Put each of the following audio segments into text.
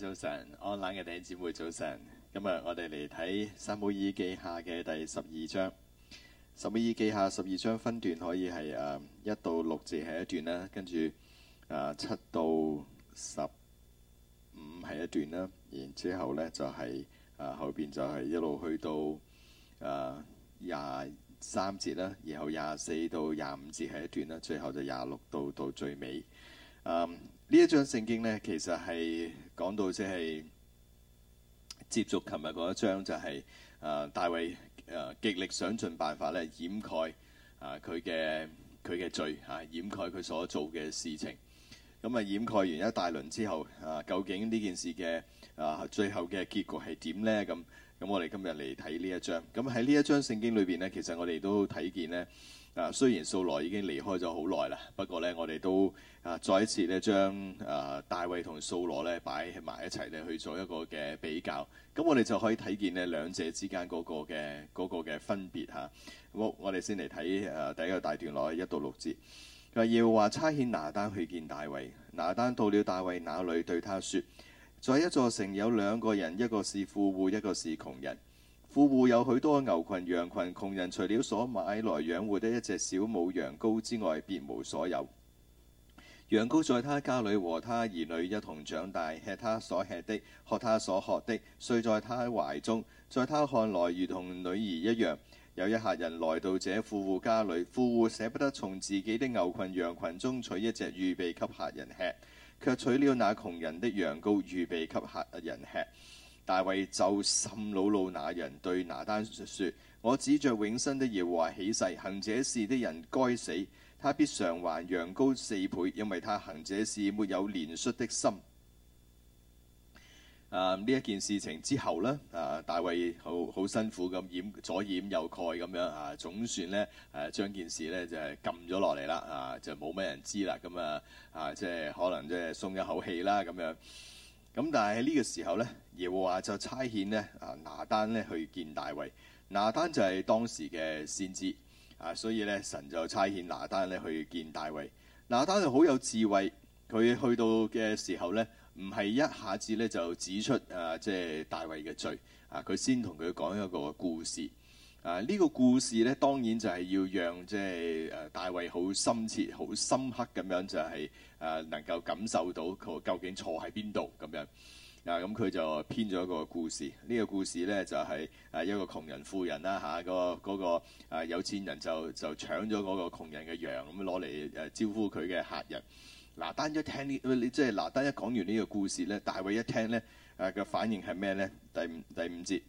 早晨，安冷嘅弟兄姊妹早晨。今日我哋嚟睇《撒母耳記下》嘅第十二章。《撒母耳記下》十二章分段可以係誒一到六節係一段啦，跟住誒七到十五係一段啦，然之後呢就係、是、誒、呃、後邊就係一路去到誒廿三節啦，然後廿四到廿五節係一段啦，最後就廿六度到最尾。嗯呢一章聖經呢，其實係講到即係接續琴日嗰一章，就係、是、誒大衛誒極力想盡辦法咧，掩蓋啊佢嘅佢嘅罪啊，掩蓋佢所做嘅事情。咁啊掩蓋完一大輪之後啊，究竟呢件事嘅啊最後嘅結局係點呢？咁咁我哋今日嚟睇呢一章。咁喺呢一章聖經裏邊呢，其實我哋都睇見呢。啊，雖然掃羅已經離開咗好耐啦，不過呢，我哋都啊再一次呢將啊大衛同掃羅呢擺埋一齊呢去做一個嘅比較，咁、啊、我哋就可以睇見呢兩者之間嗰個嘅嗰嘅分別嚇、啊。好，我哋先嚟睇啊第一個大段落，一到六節。耶和華差遣拿單去見大衛，拿單到了大衛那裏，對他説：在一座城有兩個人，一個是富戶，一個是窮人。富戶有許多牛群羊群，窮人除了所買來養活的一隻小母羊羔之外，別無所有。羊羔在他家裏和他兒女一同長大，吃他所吃的，喝他所喝的，睡在他懷中，在他看來如同女兒一樣。有一客人來到這富戶家裏，富戶捨不得從自己的牛群羊群中取一隻預備給客人吃，卻取了那窮人的羊羔預備給客人吃。大衛就甚惱怒那人對拿單說：我指着永生的耶和華起誓，行這事的人該死。他必償還羊羔四倍，因為他行這事沒有憐恤的心。啊！呢一件事情之後呢，啊大衛好好辛苦咁掩左掩右蓋咁樣啊，總算呢誒將、啊、件事呢就係撳咗落嚟啦啊，就冇咩人知啦。咁啊啊，即、啊、係、就是、可能即係鬆一口氣啦咁樣。咁但係呢個時候咧，耶和華就差遣咧啊拿單咧去見大衛。拿單就係當時嘅先知啊，所以咧神就差遣拿單咧去見大衛。拿單就好有智慧，佢去到嘅時候咧，唔係一下子咧就指出啊即係大衛嘅罪啊，佢先同佢講一個故事。啊！呢、這個故事呢，當然就係要讓即係誒大衛好深切、好深刻咁樣、就是，就係誒能夠感受到佢究竟錯喺邊度咁樣。啊！咁、嗯、佢就編咗個故事。呢、這個故事呢，就係、是、誒一個窮人富人啦嚇，啊那個嗰、那個、啊、有錢人就就搶咗嗰個窮人嘅羊，咁攞嚟誒招呼佢嘅客人。嗱、啊，單一聽呢，即係嗱，單一講完呢個故事呢，大衛一聽呢，誒、啊、嘅反應係咩呢？第五第五節。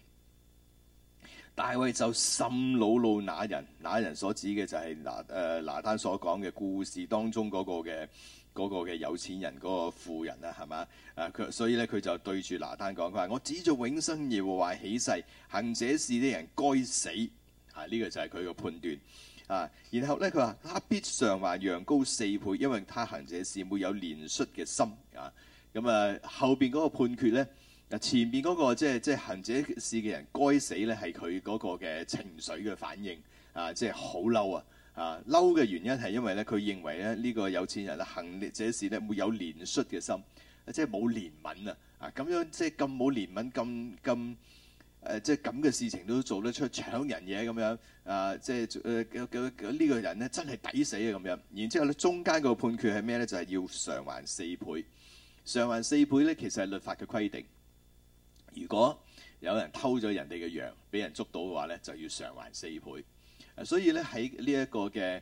大衛就甚惱怒那人，那人所指嘅就係嗱誒拿單、呃、所講嘅故事當中嗰個嘅嗰嘅有錢人嗰、那個富人啦，係嘛？啊，佢所以咧佢就對住拿單講，佢話我指著永生耶和華起誓，行這事啲人該死啊！呢、這個就係佢嘅判斷啊。然後咧佢話他必償還羊羔四倍，因為他行這事沒有憐恤嘅心啊。咁啊後邊嗰個判決咧。前面嗰、那個即係即係行這事嘅人，該死咧係佢嗰個嘅情緒嘅反應啊！即係好嬲啊！啊嬲嘅原因係因為咧，佢認為咧呢、這個有錢人行者會有啊行呢這事咧沒有憐恤嘅心，即係冇憐憫啊！啊咁樣即係咁冇憐憫，咁咁誒即係咁嘅事情都做得出搶人嘢咁樣啊！即係誒呢個人咧真係抵死啊咁樣。然之後咧中間個判決係咩咧？就係、是、要償還四倍。償還四倍咧其實係律法嘅規定。如果有人偷咗人哋嘅羊，俾人捉到嘅話咧，就要償還四倍。啊、所以咧喺呢一個嘅誒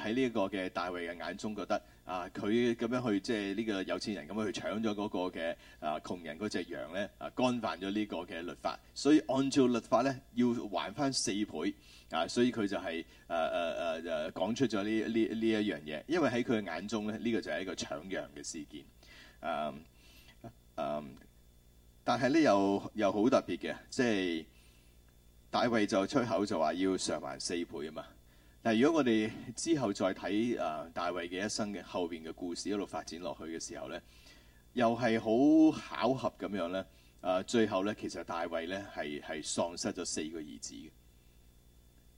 喺呢一個嘅大衛嘅眼中，覺得啊佢咁樣去即係呢個有錢人咁樣去搶咗嗰個嘅啊窮人嗰隻羊咧啊，干犯咗呢個嘅律法。所以按照律法咧，要還翻四倍啊。所以佢就係誒誒誒講出咗呢呢呢一樣嘢，因為喺佢嘅眼中咧，呢、呢個就係一個搶羊嘅事件。誒、啊、誒。啊啊但係呢，又又好特別嘅，即係大衛就出口就話要償還四倍啊嘛。但係，如果我哋之後再睇啊、呃、大衛嘅一生嘅後邊嘅故事一路發展落去嘅時候咧，又係好巧合咁樣咧，啊、呃、最後咧其實大衛咧係係喪失咗四個兒子嘅，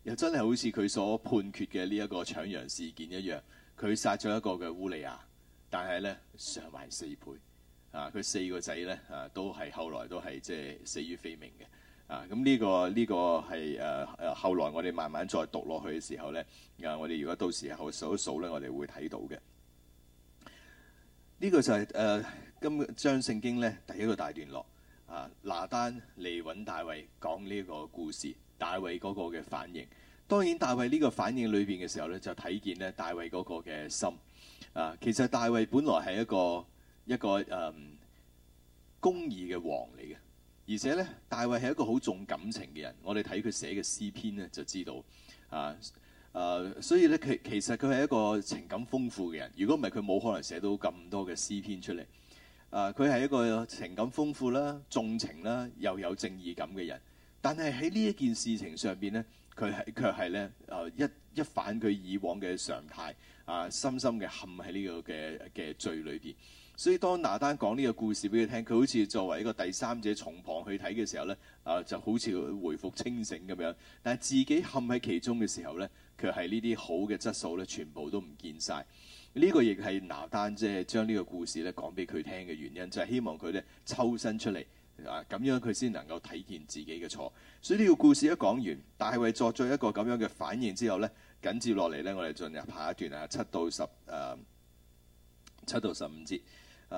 又真係好似佢所判決嘅呢一個搶羊事件一樣，佢殺咗一個嘅烏利亞，但係咧償還四倍。啊！佢四個仔咧，啊都係後來都係即係死於非命嘅。啊！咁、這、呢個呢、這個係誒誒後來我哋慢慢再讀落去嘅時候咧，啊我哋如果到時候數一數咧，我哋會睇到嘅。呢、這個就係、是、誒、啊、今章聖經咧第一個大段落。啊，拿單嚟揾大衛講呢個故事，大衛嗰個嘅反應。當然大衛呢個反應裏邊嘅時候咧，就睇見咧大衛嗰個嘅心。啊，其實大衛本來係一個。一個誒、嗯、公義嘅王嚟嘅，而且咧，大衛係一個好重感情嘅人。我哋睇佢寫嘅詩篇咧，就知道啊誒、啊，所以咧，其其實佢係一個情感豐富嘅人。如果唔係，佢冇可能寫到咁多嘅詩篇出嚟。啊，佢係一個情感豐富啦、重情啦，又有正義感嘅人。但係喺呢一件事情上邊咧，佢係卻係咧誒一一反佢以往嘅常態啊，深深嘅陷喺呢個嘅嘅罪裏邊。所以當拿單講呢個故事俾佢聽，佢好似作為一個第三者從旁去睇嘅時候呢，啊、呃、就好似回復清醒咁樣。但係自己陷喺其中嘅時候呢，佢係呢啲好嘅質素呢，全部都唔見晒。呢、這個亦係拿單即係將呢個故事呢講俾佢聽嘅原因，就係、是、希望佢呢抽身出嚟啊，咁樣佢先能夠體現自己嘅錯。所以呢個故事一講完，大衛作咗一個咁樣嘅反應之後呢，緊接落嚟呢，我哋進入下一段啊，七到十誒、呃、七到十五節。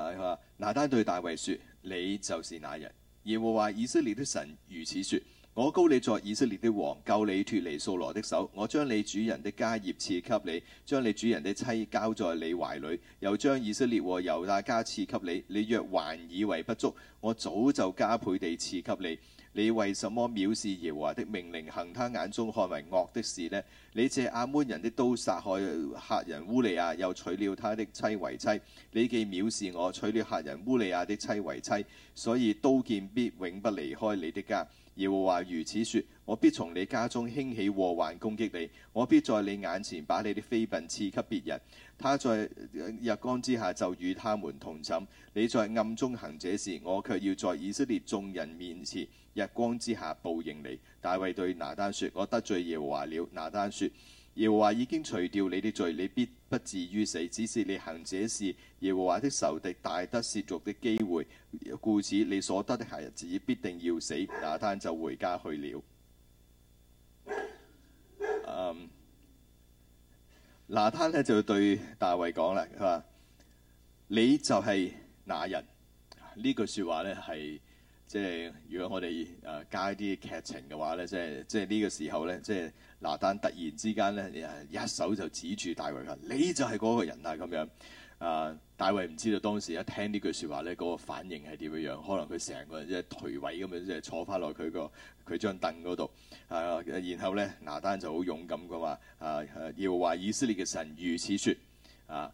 佢話，拿單對大衛說，你就是那人。耶和華以色列的神如此說。我高你作以色列的王，救你脫離掃羅的手。我將你主人的家業賜給你，將你主人的妻交在你懷裏，又將以色列和猶大家賜給你。你若還以為不足，我早就加倍地賜給你。你為什麼藐視耶和華的命令，行他眼中看為惡的事呢？你借亞捫人的刀殺害客人烏利亞，又娶了他的妻為妻。你既藐視我，娶了客人烏利亞的妻為妻，所以刀劍必永不離開你的家。耶和華如此說，我必從你家中興起禍患攻擊你，我必在你眼前把你的妃嬪賜給別人，他在日光之下就與他們同寢，你在暗中行這事，我卻要在以色列眾人面前日光之下報應你。大衛對拿單說，我得罪耶和華了。拿單說。耶和華已經除掉你的罪，你必不至於死，只是你行這事耶和華的仇敵大得褻瀆的機會，故此你所得的孩子必定要死。拿單就回家去了。Um, 那拿單呢就對大衛講啦，佢話：你就係那人。呢句説話呢，係即係，如果我哋誒、呃、加啲劇情嘅話呢，即係即係呢個時候呢。即係。拿單突然之間咧，一手就指住大衛，話你就係嗰個人啦咁樣。啊，大衛唔知道當時一聽呢句説話咧，嗰、嗰個反應係點樣？可能佢成個人即係頹萎咁樣，即係坐翻落佢個佢張凳嗰度。啊，然後咧，拿單就好勇敢嘅話，啊要話以色列嘅神如此説。啊，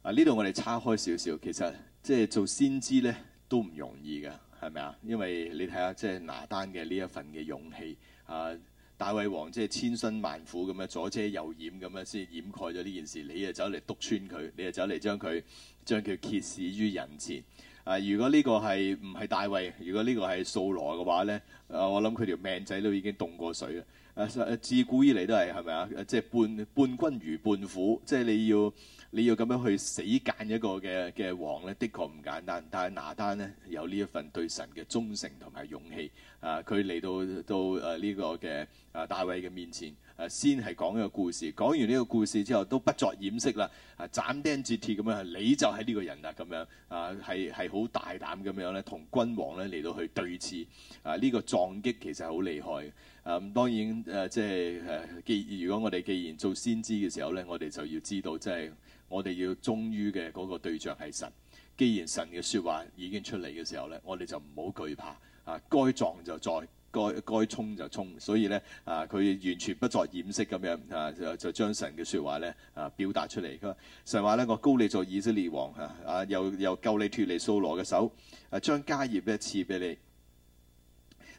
啊呢度、啊啊、我哋叉開少少，其實即係做先知咧都唔容易嘅，係咪啊？因為你睇下即係拿單嘅呢一份嘅勇氣啊。大衛王即係千辛萬苦咁樣左遮右掩咁樣先掩蓋咗呢件事，你又走嚟督穿佢，你就走嚟將佢將佢揭示於人前。啊，如果呢個係唔係大衛，如果個素呢個係掃羅嘅話咧，啊，我諗佢條命仔都已經凍過水啦。啊，自古以嚟都係，係咪啊？即係伴伴君如伴虎，即係你要。你要咁樣去死諫一個嘅嘅王呢，的確唔簡單。但係拿單呢，有呢一份對神嘅忠誠同埋勇氣啊！佢嚟到到誒呢、啊這個嘅啊大衛嘅面前誒、啊，先係講一個故事。講完呢個故事之後，都不作掩飾啦，啊，斬釘截鐵咁樣，你就係呢個人啦咁樣啊，係係好大膽咁樣咧，同君王咧嚟到去對峙啊！呢、這個撞擊其實好厲害啊！咁當然誒、啊，即係誒、啊，既如果我哋既然做先知嘅時候呢，我哋就要知道即係。我哋要忠於嘅嗰個對象係神。既然神嘅説話已經出嚟嘅時候咧，我哋就唔好懼怕。啊，該撞就撞，該該衝就衝。所以咧，啊，佢完全不作掩飾咁樣啊，就就將神嘅説話咧啊表達出嚟。佢話神話咧，我高你做以色列王嚇，啊，啊又又救你脱離掃羅嘅手，啊將家業咧賜俾你。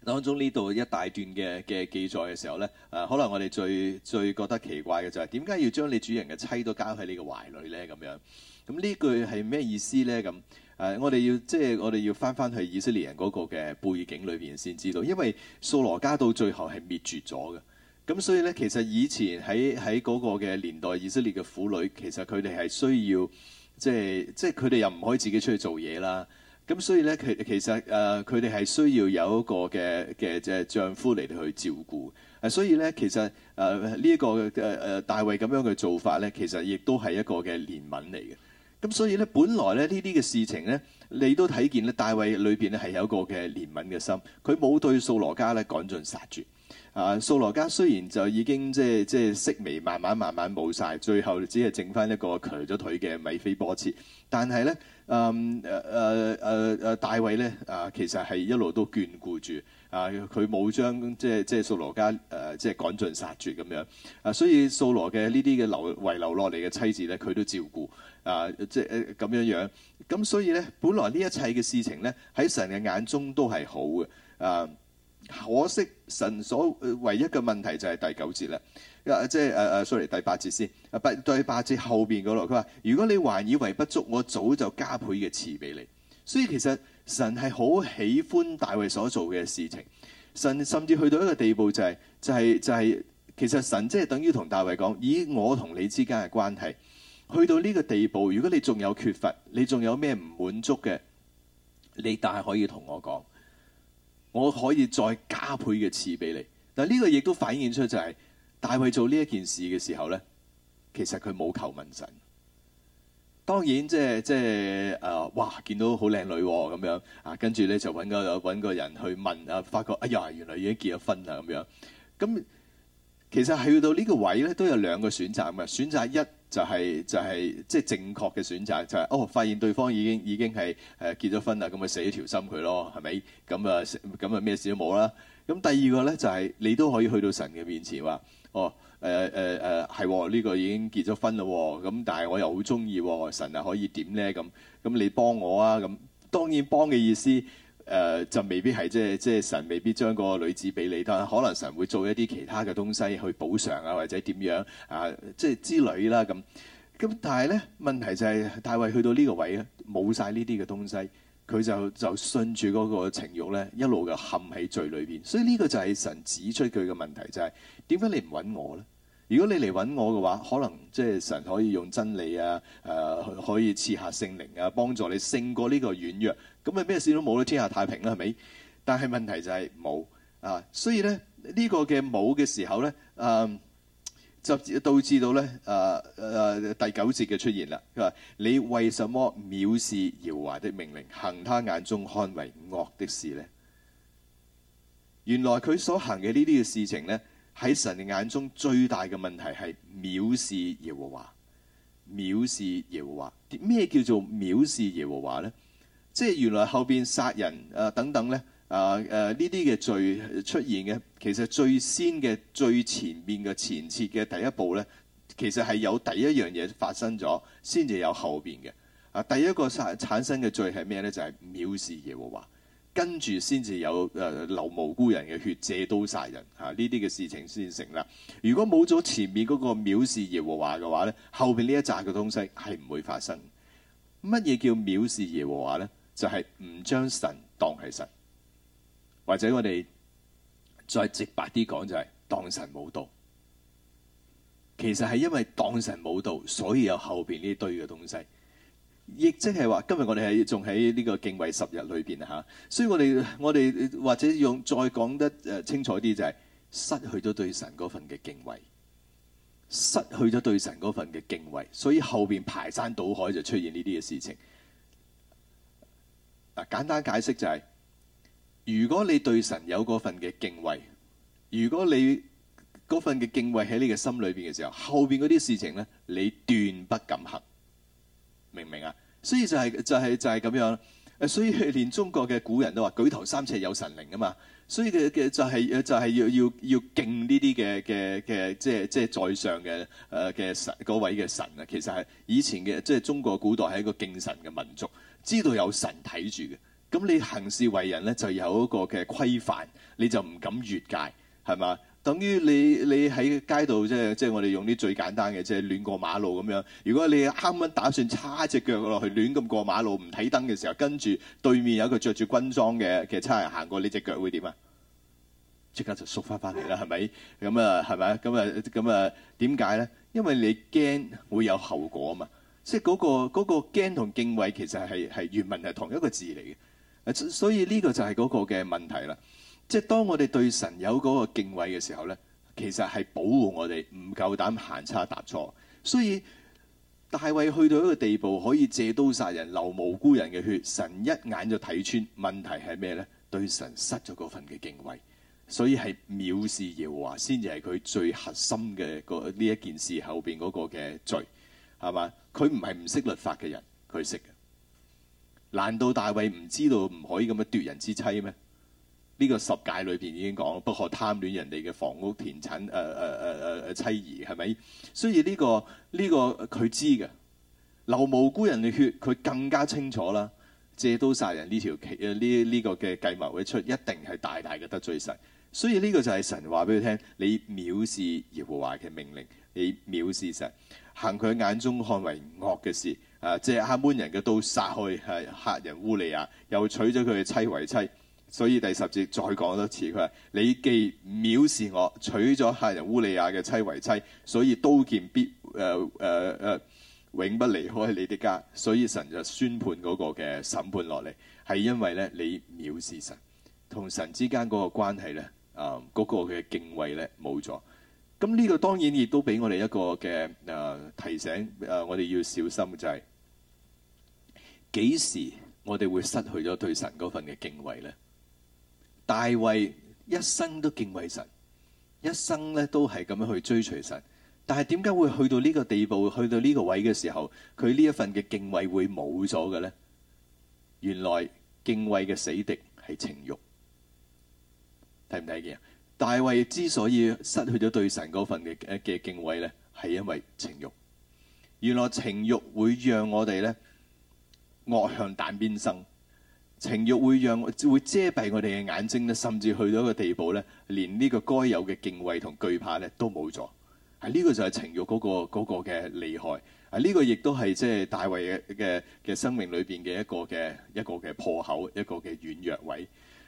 當中呢度一大段嘅嘅記載嘅時候呢，誒、啊，可能我哋最最覺得奇怪嘅就係點解要將你主人嘅妻都交喺你嘅懷裡呢？咁樣，咁、啊、呢句係咩意思呢？咁、啊、誒，我哋要即係我哋要翻翻去以色列人嗰個嘅背景裏面先知道，因為掃羅家到最後係滅絕咗嘅。咁所以呢，其實以前喺喺嗰個嘅年代，以色列嘅婦女其實佢哋係需要，即係即係佢哋又唔可以自己出去做嘢啦。咁所以咧，其其實誒，佢哋係需要有一個嘅嘅即係丈夫嚟嚟去照顧。啊，所以咧，其實誒呢一個誒誒，大衛咁樣嘅做法咧，其實亦都係一個嘅憐憫嚟嘅。咁所以咧，本來咧呢啲嘅事情咧，你都睇見咧，大衛裏邊咧係有一個嘅憐憫嘅心，佢冇對掃羅家咧趕盡殺絕。啊，掃羅家雖然就已經即係即係式微，慢慢慢慢冇晒，最後只係剩返一個瘸咗腿嘅米非波設，但係咧。誒誒誒誒，um, uh, uh, uh, 大衛咧啊，uh, 其實係一路都眷顧住啊，佢、uh, 冇將即係即係掃羅家誒，即、uh, 係趕盡殺絕咁樣啊，uh, 所以掃羅嘅呢啲嘅留遺留落嚟嘅妻子咧，佢都照顧啊，即係咁樣樣。咁所以咧，本來呢一切嘅事情咧，喺神嘅眼中都係好嘅啊。Uh, 可惜神所唯一嘅問題就係第九節啦。即係誒誒，sorry，第八節先，八、uh, 對第八節後邊嗰度，佢話：如果你還以為不足，我早就加倍嘅賜俾你。所以其實神係好喜歡大衛所做嘅事情，神甚至去到一個地步、就係，就係、是、就係就係，其實神即係等於同大衛講：以我同你之間嘅關係，去到呢個地步，如果你仲有缺乏，你仲有咩唔滿足嘅，你但係可以同我講，我可以再加倍嘅賜俾你。但係呢個亦都反映出就係、是。大衛做呢一件事嘅時候咧，其實佢冇求問神。當然即係即係啊、呃，哇！見到好靚女咁、哦、樣啊，跟住咧就揾個，個人去問啊，發覺哎呀，原來已經結咗婚啦咁樣。咁、嗯、其實去到呢個位咧，都有兩個選擇嘅。選擇一就係、是、就係即係正確嘅選擇，就係、是、哦，發現對方已經已經係誒、啊、結咗婚了、啊、啦，咁咪死條心佢咯，係咪？咁啊咁啊咩事都冇啦。咁第二個咧就係、是、你都可以去到神嘅面前話。哦，誒誒誒，係、呃、喎，呢、哦這個已經結咗婚咯，咁但係我又好中意喎，神啊，可以點咧？咁咁你幫我啊？咁當然幫嘅意思誒、呃，就未必係即係即係神未必將嗰個女子俾你，但係可能神會做一啲其他嘅東西去補償啊，或者點樣啊，即係之類啦。咁咁但係咧問題就係、是，大衛去到呢個位咧，冇晒呢啲嘅東西，佢就就信住嗰個情慾咧，一路就陷喺罪裏邊，所以呢個就係神指出佢嘅問題就係、是。點解你唔揾我咧？如果你嚟揾我嘅話，可能即係神可以用真理啊，誒、呃、可以賜下聖靈啊，幫助你勝過呢個軟弱。咁啊，咩事都冇啦，天下太平啦，係咪？但係問題就係冇啊，所以咧呢、呢個嘅冇嘅時候咧，誒、啊、就導致到咧誒誒第九節嘅出現啦。佢話：你為什麼藐視耶和華的命令，行他眼中看為惡的事呢？原來佢所行嘅呢啲嘅事情咧。喺神嘅眼中最大嘅問題係藐視耶和華，藐視耶和華，咩叫做藐視耶和華咧？即係原來後邊殺人誒、呃、等等咧誒誒呢啲嘅、呃呃、罪出現嘅，其實最先嘅最前面嘅前設嘅第一步咧，其實係有第一樣嘢發生咗先至有後邊嘅啊。第一個殺產生嘅罪係咩咧？就係、是、藐視耶和華。跟住先至有誒、呃、流無辜人嘅血借刀殺人嚇呢啲嘅事情先成啦。如果冇咗前面嗰個藐視耶和華嘅話咧，後邊呢一紮嘅東西係唔會發生。乜嘢叫藐視耶和華咧？就係唔將神當係神，或者我哋再直白啲講就係、是、當神冇道。其實係因為當神冇道，所以有後邊呢堆嘅東西。亦即係話今日我哋係仲喺呢個敬畏十日裏邊吓、啊，所以我哋我哋或者用再講得誒清楚啲、就是，就係失去咗對神嗰份嘅敬畏，失去咗對神嗰份嘅敬畏，所以後邊排山倒海就出現呢啲嘅事情。嗱、啊，簡單解釋就係、是、如果你對神有嗰份嘅敬畏，如果你嗰份嘅敬畏喺你嘅心裏邊嘅時候，後邊嗰啲事情咧，你斷不敢行。明唔明啊？所以就係就係就係咁樣誒，所以連中國嘅古人都話舉頭三尺有神靈啊嘛。所以嘅嘅就係誒，就係要要要敬呢啲嘅嘅嘅，即係即係在上嘅誒嘅神嗰位嘅神啊。其實係以前嘅即係中國古代係一個敬神嘅民族，知道有神睇住嘅。咁你行事為人咧，就有一個嘅規範，你就唔敢越界，係嘛？等於你你喺街度即係即係我哋用啲最簡單嘅，即係亂過馬路咁樣。如果你啱啱打算叉隻腳落去亂咁過馬路，唔睇燈嘅時候，跟住對面有一個着住軍裝嘅嘅差人行過，你隻腳會點啊？即刻就縮翻翻嚟啦，係咪？咁啊，係嘛？咁啊咁啊，點解咧？因為你驚會有後果啊嘛。即係嗰個嗰個驚同敬畏其實係係原文係同一個字嚟嘅。所以呢個就係嗰個嘅問題啦。即係當我哋對神有嗰個敬畏嘅時候呢，其實係保護我哋唔夠膽行差踏錯。所以大衛去到一個地步，可以借刀殺人、流無辜人嘅血，神一眼就睇穿問題係咩呢？對神失咗嗰份嘅敬畏，所以係藐視耶和華，先至係佢最核心嘅個呢一件事後邊嗰個嘅罪，係嘛？佢唔係唔識律法嘅人，佢識嘅。難道大衛唔知道唔可以咁樣奪人之妻咩？呢個十戒裏邊已經講，不可貪戀人哋嘅房屋田產，誒誒誒誒妻兒係咪？所以呢、這個呢、這個佢知嘅，流無辜人嘅血，佢更加清楚啦。借刀殺人呢條計呢，呢個嘅計謀一出，一定係大大嘅得罪神。所以呢個就係神話俾佢聽，你藐視耶和華嘅命令，你藐視神，行佢眼中看為惡嘅事，誒、啊、借亞捫人嘅刀殺去係、啊、赫人烏利亞，又娶咗佢嘅妻為妻。所以第十節再講多次，佢話：你既藐視我，娶咗客人烏利亞嘅妻為妻，所以刀劍必誒誒誒永不離開你的家。所以神就宣判嗰個嘅審判落嚟，係因為咧你藐視神，同神之間嗰個關係咧啊嗰個嘅敬畏咧冇咗。咁呢度當然亦都俾我哋一個嘅誒、呃、提醒誒、呃，我哋要小心就係、是、幾時我哋會失去咗對神嗰份嘅敬畏咧？大衛一生都敬畏神，一生咧都係咁樣去追隨神。但係點解會去到呢個地步，去到呢個位嘅時候，佢呢一份嘅敬畏會冇咗嘅咧？原來敬畏嘅死敵係情慾，睇唔睇見啊？大衛之所以失去咗對神嗰份嘅嘅敬畏咧，係因為情慾。原來情慾會讓我哋咧惡向膽邊生。情欲會讓會遮蔽我哋嘅眼睛咧，甚至去到一個地步咧，連呢個該有嘅敬畏同懼怕咧都冇咗。啊，呢個就係情欲嗰個嗰個嘅厲害。啊，呢個，呢個亦都係即係大衛嘅嘅生命裏邊嘅一個嘅一個嘅破口，一個嘅軟弱位。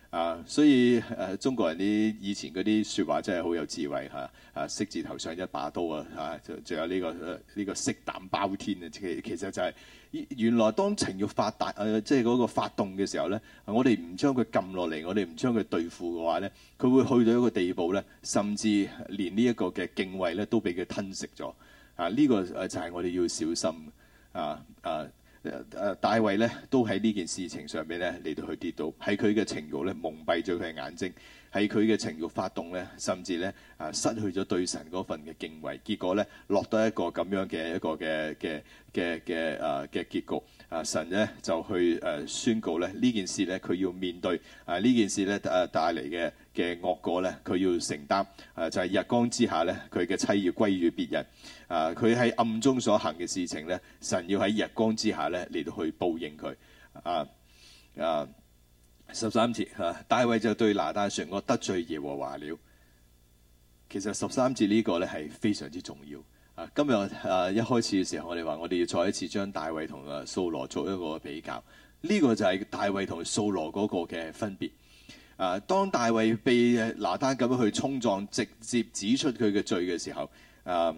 啊，所以誒、啊，中國人啲以前嗰啲説話真係好有智慧嚇，啊，色、啊、字頭上一把刀啊，嚇、啊，仲仲有呢、這個誒，呢、啊這個色膽包天啊，其其實就係、是、原來當情欲發達誒，即係嗰個發動嘅時候咧，我哋唔將佢撳落嚟，我哋唔將佢對付嘅話咧，佢會去到一個地步咧，甚至連呢一個嘅敬畏咧都俾佢吞食咗啊！呢、這個誒就係我哋要小心啊啊！啊誒誒、啊，大衛咧都喺呢件事情上邊咧嚟到去跌倒，喺佢嘅情慾咧蒙蔽咗佢嘅眼睛，喺佢嘅情慾發動咧，甚至咧誒、啊、失去咗對神嗰份嘅敬畏，結果咧落得一個咁樣嘅一個嘅嘅嘅嘅誒嘅結局。啊，神咧就去誒、啊、宣告咧呢件事咧佢要面對啊呢件事咧誒帶嚟嘅。嘅惡果咧，佢要承擔啊！就係日光之下咧，佢嘅妻要歸於別人啊！佢喺暗中所行嘅事情咧，神要喺日光之下咧嚟到去報應佢啊啊！十三節啊，大衛就對拿單說：我得罪耶和華了。其實十三節呢個咧係非常之重要啊！今日啊一開始嘅時候，我哋話我哋要再一次將大衛同啊掃羅做一個比較，呢個就係大衛同掃羅嗰個嘅分別。啊！當大衛被拿單咁樣去衝撞，直接指出佢嘅罪嘅時候，誒、啊、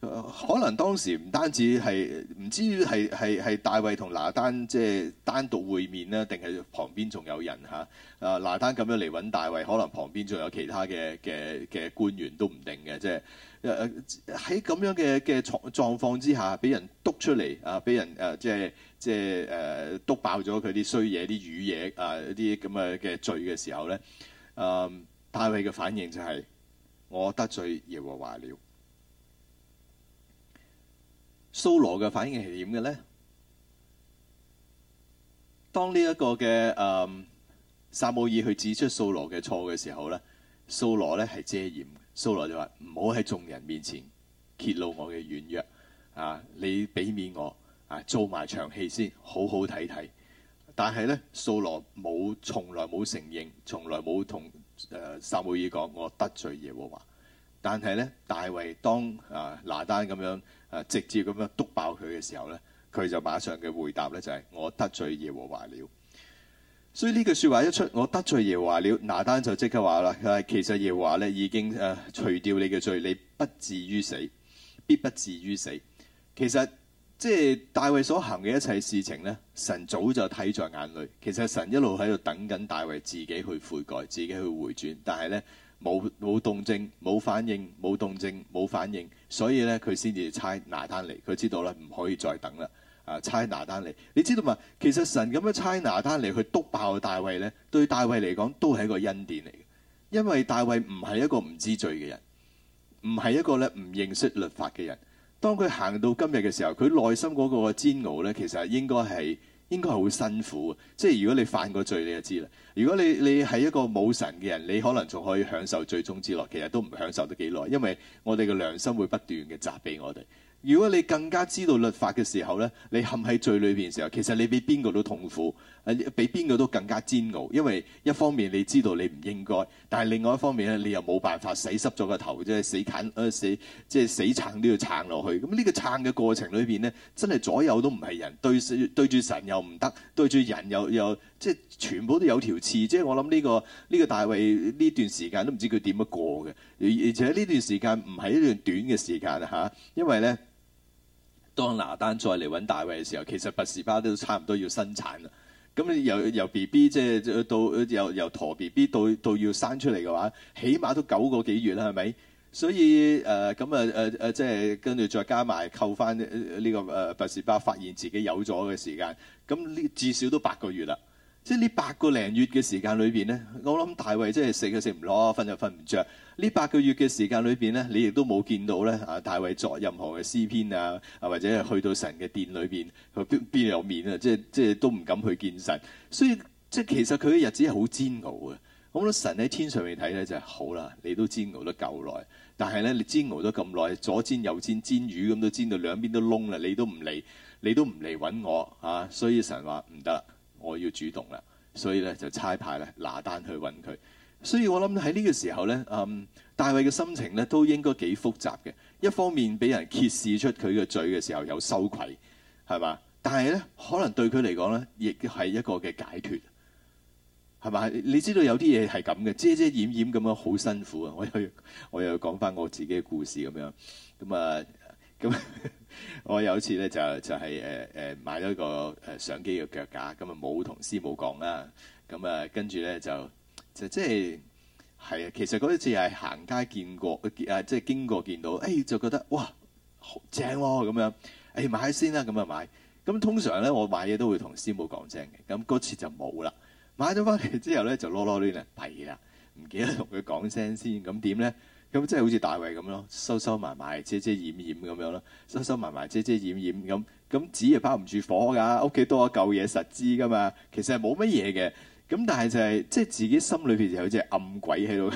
可能當時唔單止係，唔知係係係大衛同拿單即係單獨會面啦，定係旁邊仲有人嚇？啊拿單咁樣嚟揾大衛，可能旁邊仲有其他嘅嘅嘅官員都唔定嘅，即係誒喺咁樣嘅嘅狀狀況之下，俾人督出嚟啊！俾人誒、啊、即係。即係誒篤爆咗佢啲衰嘢、啲愚嘢啊！啲咁嘅嘅罪嘅時候咧，大衛嘅反應就係、是、我得罪耶和華了。掃羅嘅反應係點嘅咧？當呢一個嘅誒撒母耳去指出掃羅嘅錯嘅時候咧，掃羅咧係遮掩。掃羅就話唔好喺眾人面前揭露我嘅軟弱啊！你俾面我。啊，做埋場戲先，好好睇睇。但係咧，掃羅冇，從來冇承認，從來冇同誒撒母耳講我得罪耶和華。但係咧，大衛當啊拿單咁樣誒直接咁樣督爆佢嘅時候咧，佢就馬上嘅回答咧就係、是、我得罪耶和華了。所以呢句説話一出，我得罪耶和華了，拿單就即刻話啦，佢其實耶和華咧已經誒、呃、除掉你嘅罪，你不至於死，必不至於死。其實。即係大衛所行嘅一切事情呢，神早就睇在眼裏。其實神一路喺度等緊大衛自己去悔改、自己去回轉，但係呢，冇冇動靜、冇反應、冇動靜、冇反應，所以呢，佢先至差拿單嚟。佢知道咧唔可以再等啦。啊，差拿單嚟，你知道嘛？其實神咁樣差拿單嚟，佢篤爆大衛呢，對大衛嚟講都係一個恩典嚟。因為大衛唔係一個唔知罪嘅人，唔係一個咧唔認識律法嘅人。當佢行到今日嘅時候，佢內心嗰個煎熬呢，其實應該係應該係好辛苦嘅。即係如果你犯過罪，你就知啦。如果你你係一個冇神嘅人，你可能仲可以享受罪中之樂，其實都唔享受得幾耐，因為我哋嘅良心會不斷嘅責備我哋。如果你更加知道律法嘅時候呢，你陷喺罪裏邊嘅時候，其實你比邊個都痛苦。比邊個都更加煎熬，因為一方面你知道你唔應該，但係另外一方面咧，你又冇辦法洗濕咗個頭，即係死砍、呃、死即係死撐都要撐落去。咁、嗯、呢、這個撐嘅過程裏邊呢，真係左右都唔係人，對對住神又唔得，對住人又又即係全部都有條刺。即係我諗呢、這個呢、這個大衛呢段時間都唔知佢點樣過嘅，而且呢段時間唔係一段短嘅時間嚇、啊，因為呢，當拿單再嚟揾大衛嘅時候，其實拔示巴都差唔多要生產啦。咁、嗯、由由 B B 即係到又由陀 B B 到到要生出嚟嘅話，起碼都九個幾月啦，係咪？所以誒咁啊誒誒，即係跟住再加埋扣翻呢、這個誒拔、呃呃、示巴發現自己有咗嘅時間，咁、嗯、呢至少都八個月啦。即係呢八個零月嘅時間裏邊咧，我諗大衛真係食就食唔落，瞓就瞓唔着。呢八個月嘅時間裏邊咧，你亦都冇見到咧啊！大衛作任何嘅詩篇啊，或者係去到神嘅殿裏邊，佢邊有面啊？即係即係都唔敢去見神。所以即係其實佢嘅日子係好煎熬嘅。咁咧神喺天上面睇咧就係、是、好啦，你都煎熬得夠耐。但係咧你煎熬咗咁耐，左煎右煎煎魚咁都煎到兩邊都燶啦，你都唔嚟，你都唔嚟揾我啊！所以神話唔得。我要主動啦，所以咧就差派咧拿單去揾佢。所以我諗喺呢個時候咧，嗯，大衛嘅心情咧都應該幾複雜嘅。一方面俾人揭示出佢嘅罪嘅時候有羞愧，係嘛？但係咧可能對佢嚟講咧，亦係一個嘅解決，係嘛？你知道有啲嘢係咁嘅，遮遮掩掩咁樣好辛苦啊！我又我又講返我自己嘅故事咁樣，咁啊咁。我有一次咧就就係誒誒買咗個誒相機嘅腳架，咁啊冇同師母講啦，咁啊跟住咧就，就即即係係啊，其實嗰一次係行街見過誒即係經過見到，誒、哎、就覺得哇好正咁、哦、樣，誒、哎、買先啦，咁啊買，咁通常咧我買嘢都會同師母講聲嘅，咁嗰次就冇啦，買咗翻嚟之後咧就囉囉攣啊，弊啦，唔記得同佢講聲先，咁點咧？咁即係好似大衞咁咯，收收埋埋、遮遮掩掩咁樣咯，收收埋埋、遮遮掩掩咁。咁紙又包唔住火㗎，屋企多一嚿嘢實知㗎嘛。其實係冇乜嘢嘅。咁但係就係即係自己心裏邊就有隻暗鬼喺度，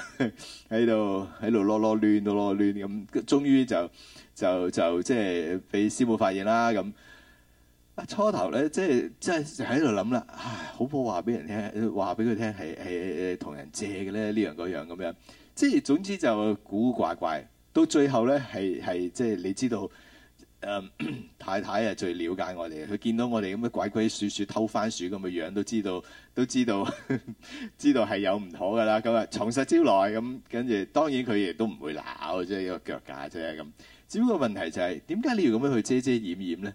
喺度喺度囉囉攣到囉囉攣咁。終於就就就即係俾師傅發現啦。咁啊初頭咧，即係即係喺度諗啦，唉，好唔好話俾人聽？話俾佢聽係係同人借嘅咧，呢樣嗰樣咁樣。即係總之就古古怪怪，到最後咧係係即係你知道，誒、呃、太太啊最了解我哋，佢見到我哋咁嘅鬼鬼祟祟，偷番薯咁嘅樣，都知道都知道呵呵知道係有唔妥噶啦。咁啊從實招來咁，跟住當然佢亦都唔會鬧即係一個腳架啫咁。只不過問題就係點解你要咁樣去遮遮掩掩咧？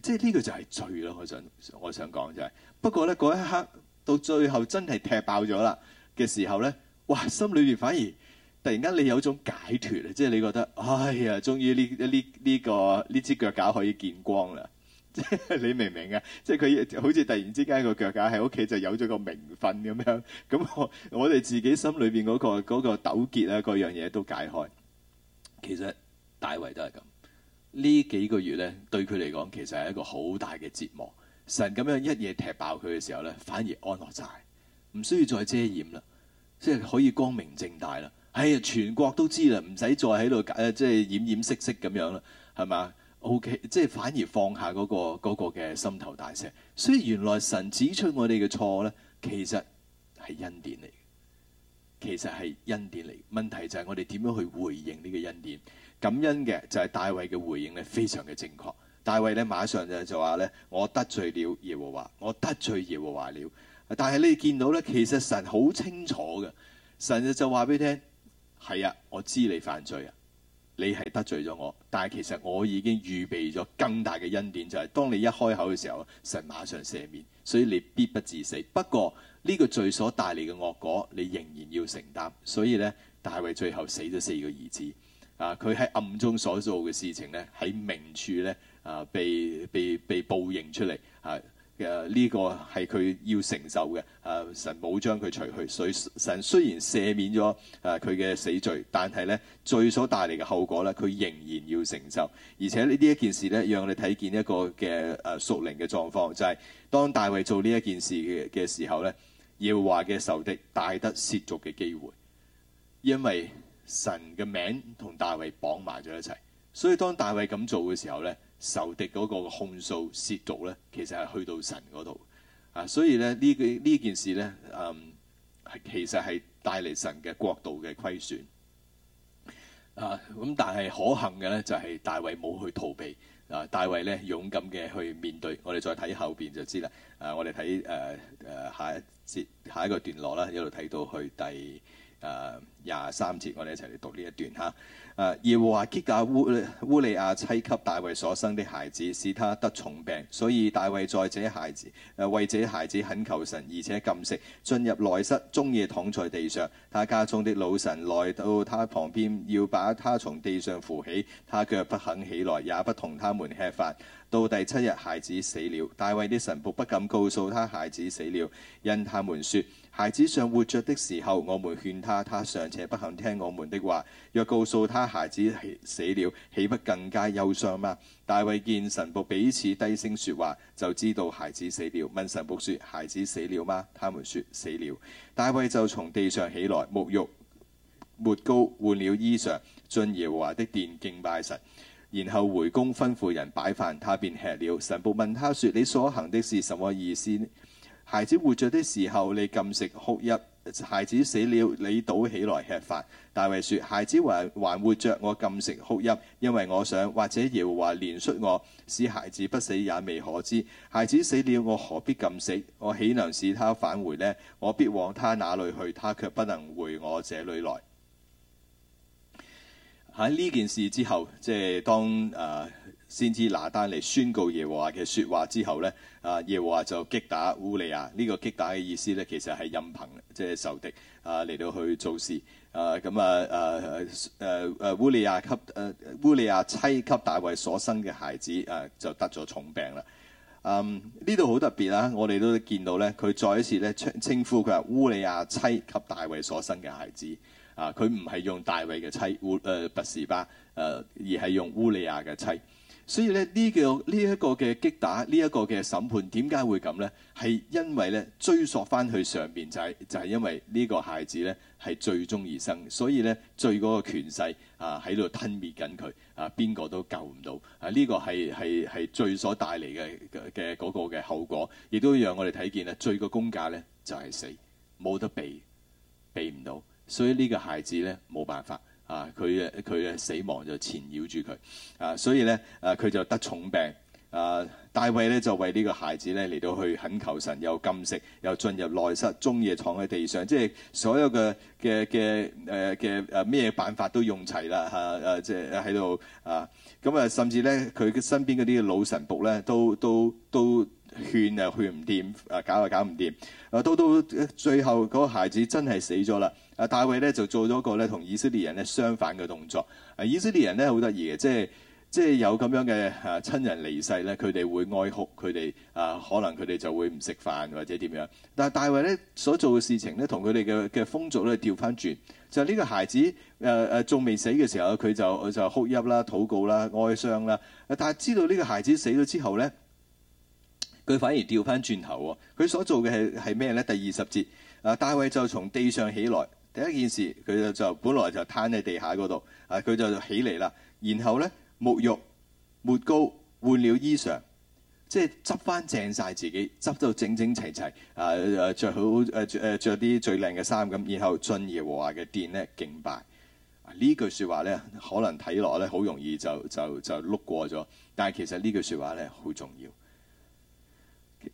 即係呢個就係罪咯。我想我想講就係、是，不過咧嗰一刻到最後真係踢爆咗啦嘅時候咧。哇！心裏邊反而突然間你有種解脫啊，即係你覺得哎呀，終於呢一呢呢個呢支腳架可以見光啦！即 係你明唔明啊？即係佢好似突然之間一個腳架喺屋企就有咗個名分咁樣，咁我我哋自己心裏邊嗰、嗰個嗰、嗰個嗰個糾結咧、啊，嗰樣嘢都解開。其實大衛都係咁，呢幾個月咧對佢嚟講其實係一個好大嘅折磨。神咁樣一夜踢爆佢嘅時候咧，反而安樂晒，唔需要再遮掩啦。即係可以光明正大啦，哎呀，全國都知啦，唔使再喺度誒，即係掩掩飾飾咁樣啦，係嘛？OK，即係反而放下嗰個嗰個嘅心頭大石。所以原來神指出我哋嘅錯呢，其實係恩典嚟，其實係恩典嚟。問題就係我哋點樣去回應呢個恩典？感恩嘅就係大衛嘅回應呢，非常嘅正確。大衛呢，馬上就就話呢：「我得罪了耶和華，我得罪耶和華了。但係你哋見到咧，其實神好清楚嘅，神就話俾你聽：係啊，我知你犯罪啊，你係得罪咗我。但係其實我已經預備咗更大嘅恩典，就係、是、當你一開口嘅時候，神馬上赦免，所以你必不致死。不過呢、這個罪所帶嚟嘅惡果，你仍然要承擔。所以咧，大衛最後死咗四個兒子啊，佢喺暗中所做嘅事情咧，喺明處咧啊，被被被，被報應出嚟啊。呢、啊這個係佢要承受嘅，啊神冇將佢除去，所神雖然赦免咗啊佢嘅死罪，但係呢罪所帶嚟嘅後果呢，佢仍然要承受。而且呢呢一件事呢，讓我哋睇見一個嘅啊屬靈嘅狀況，就係、是、當大衛做呢一件事嘅嘅時候呢，耶和華嘅仇敵大得褻瀆嘅機會，因為神嘅名同大衛綁埋咗一齊，所以當大衛咁做嘅時候呢。仇敵嗰個控訴、涉造咧，其實係去到神嗰度啊，所以咧呢個呢件事咧，嗯，係其實係帶嚟神嘅國度嘅虧損啊。咁但係可幸嘅咧，就係、是、大衛冇去逃避啊，大衛咧勇敢嘅去面對。我哋再睇後邊就知啦。啊，我哋睇誒誒下一節、下一個段落啦，一路睇到去第啊廿三節，我哋一齊嚟讀呢一段嚇。誒耶和華擊打烏，烏利亞妻給大衛所生的孩子，使他得重病。所以大衛在這孩子，誒為這孩子懇求神，而且禁食，進入內室，中夜躺在地上。他家中的老神來到他旁邊，要把他從地上扶起，他卻不肯起來，也不同他們吃飯。到第七日，孩子死了。大衛的神僕不敢告訴他孩子死了，因他們說：孩子尚活着的時候，我們勸他，他尚且不肯聽我們的話；若告訴他孩子死了，豈不更加憂傷嗎？大衛見神僕彼此低聲說話，就知道孩子死了。問神僕說：孩子死了嗎？他們說死了。大衛就從地上起來，沐浴、抹膏、換了衣裳，進耶和華的殿敬拜神。然後回宮吩咐人擺飯，他便吃了。神僕問他說：你所行的是什麼意思？孩子活着的時候，你禁食哭泣；孩子死了，你倒起來吃飯。大衛說：孩子還還活着，我禁食哭泣，因為我想或者耶和華憐恤我，使孩子不死也未可知。孩子死了，我何必禁食？我豈能使他返回呢？我必往他那裏去，他卻不能回我這裏來。喺呢件事之後，即係當啊、呃、先知拿單嚟宣告耶和華嘅説話之後咧，啊、呃、耶和華就擊打烏利亞，呢、這個擊打嘅意思咧，其實係任憑即係受敵啊嚟到去做事啊，咁啊，啊誒誒烏利亞給誒烏利亞妻給大衛所生嘅孩子啊、呃、就得咗重病啦。嗯、呃，呢度好特別啦，我哋都見到咧，佢再一次咧稱稱呼佢話烏利亞妻給大衛所生嘅孩子。啊！佢唔係用大衛嘅妻烏誒拔士巴誒，而係用烏利亞嘅妻。所以咧呢、這個呢一、這個嘅擊打，呢、這、一個嘅審判點解會咁呢？係因為咧追索翻去上邊就係就係因為呢、就是就是、因為個孩子咧係罪中而生，所以咧罪嗰個權勢啊喺度吞滅緊佢啊，邊個、啊、都救唔到啊！呢、這個係係係罪所帶嚟嘅嘅嗰個嘅後果，亦都讓我哋睇見啊罪嘅工價呢就係、是、死冇得避避唔到。所以呢個孩子咧冇辦法啊，佢嘅佢嘅死亡就纏繞住佢啊，所以咧啊佢就得重病啊，大衛咧就為呢個孩子咧嚟到去懇求神，又禁食，又進入內室中，夜躺喺地上，即係所有嘅嘅嘅誒嘅誒咩辦法都用齊啦嚇誒即係喺度啊，咁啊甚至咧佢嘅身邊嗰啲老神僕咧都都都。都都都勸又勸唔掂，誒搞又搞唔掂，誒、啊、到到最後嗰個孩子真係死咗啦。誒、啊、大衛咧就做咗個咧同以色列人咧相反嘅動作。誒、啊、以色列人咧好得意嘅，即係即係有咁樣嘅誒、啊、親人離世咧，佢哋會哀哭，佢哋啊可能佢哋就會唔食飯或者點樣。但係大衛咧所做嘅事情咧，同佢哋嘅嘅風俗咧調翻轉。就呢、係、個孩子誒誒仲未死嘅時候，佢就就哭泣啦、禱告啦、哀傷啦、啊。但係知道呢個孩子死咗之後咧。佢反而掉翻轉頭喎，佢所做嘅係係咩咧？第二十節，啊，大衛就從地上起來，第一件事佢就就本來就攤喺地下嗰度，啊，佢就起嚟啦，然後咧沐浴抹膏換了衣裳，即係執翻淨晒自己，執到整整齊齊，啊啊著好着誒著啲最靚嘅衫咁，然後進耶和華嘅殿咧敬拜。啊，呢句説話咧，可能睇落咧好容易就就就碌過咗，但係其實呢句説話咧好重要。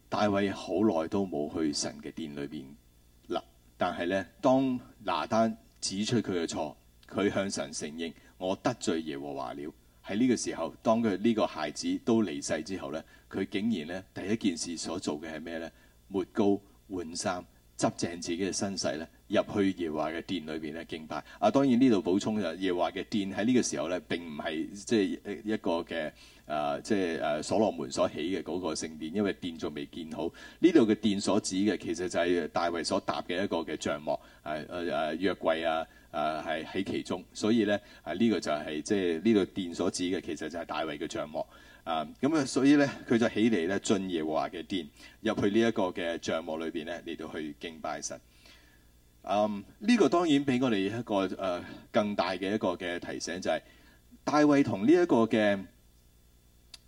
大衛好耐都冇去神嘅殿裏邊啦，但係咧，當拿單指出佢嘅錯，佢向神承認，我得罪耶和華了。喺呢個時候，當佢呢個孩子都離世之後咧，佢竟然咧第一件事所做嘅係咩咧？抹膏換衫，執正自己嘅身世咧。入去耶和華嘅殿裏邊咧敬拜。啊，當然呢度補充就耶和華嘅殿喺呢個時候咧並唔係即係一個嘅啊、呃，即係啊所羅門所起嘅嗰個聖殿，因為殿仲未建好。呢度嘅殿所指嘅其實就係大衛所搭嘅一個嘅帳幕，誒誒誒約櫃啊，啊係喺其中。所以咧啊呢、這個就係、是、即係呢度殿所指嘅，其實就係大衛嘅帳幕。啊，咁、嗯、啊所以咧佢就起嚟咧進耶和華嘅殿，入去呢一個嘅帳幕裏邊咧嚟到去敬拜神。嗯，呢、um, 個當然俾我哋一個誒、呃、更大嘅一個嘅提醒，就係、是、大衛同呢一個嘅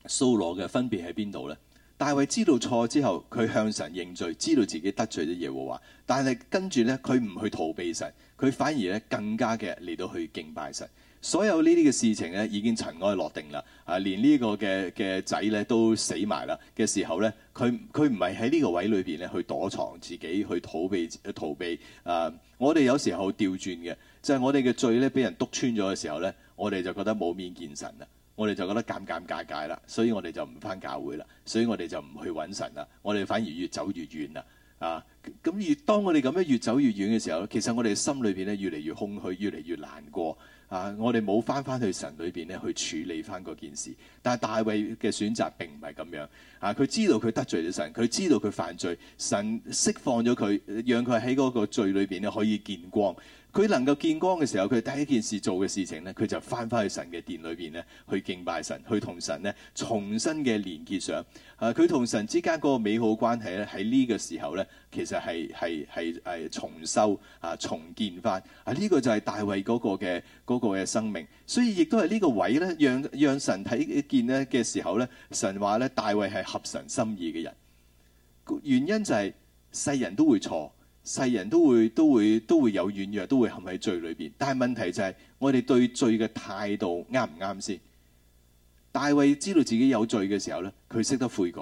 掃羅嘅分別喺邊度咧？大衛知道錯之後，佢向神認罪，知道自己得罪咗耶和華，但係跟住咧，佢唔去逃避神，佢反而咧更加嘅嚟到去敬拜神。所有呢啲嘅事情呢，已經塵埃落定啦。啊，連呢個嘅嘅仔呢，都死埋啦嘅時候呢，佢佢唔係喺呢個位裏邊呢去躲藏，自己去逃避逃避。啊，我哋有時候調轉嘅，就係我哋嘅罪呢，俾人督穿咗嘅時候呢，我哋就覺得冇面見神啦，我哋就覺得尷尷尬尬啦，所以我哋就唔翻教會啦，所以我哋就唔去揾神啦，我哋反而越走越遠啦。啊，咁越當我哋咁樣越走越遠嘅時候，其實我哋心裏邊呢，越嚟越空虛，越嚟越難過。啊！我哋冇返返去神裏邊咧，去處理返嗰件事。但係大衛嘅選擇並唔係咁樣。啊！佢知道佢得罪咗神，佢知道佢犯罪，神釋放咗佢，讓佢喺嗰個罪裏邊咧可以見光。佢能夠見光嘅時候，佢第一件事做嘅事情呢，佢就翻返去神嘅殿裏邊呢，去敬拜神，去同神呢重新嘅連結上。啊，佢同神之間嗰個美好關係咧，喺呢個時候呢，其實係係係係重修啊，重建翻啊，呢個就係大衛嗰個嘅嗰個嘅生命。所以亦都係呢個位呢，讓讓神睇見咧嘅時候呢，神話呢，大衛係合神心意嘅人。原因就係世人都會錯。世人都會都會都會有軟弱，都會陷喺罪裏邊。但係問題就係我哋對罪嘅態度啱唔啱先？大衛知道自己有罪嘅時候呢，佢識得悔改，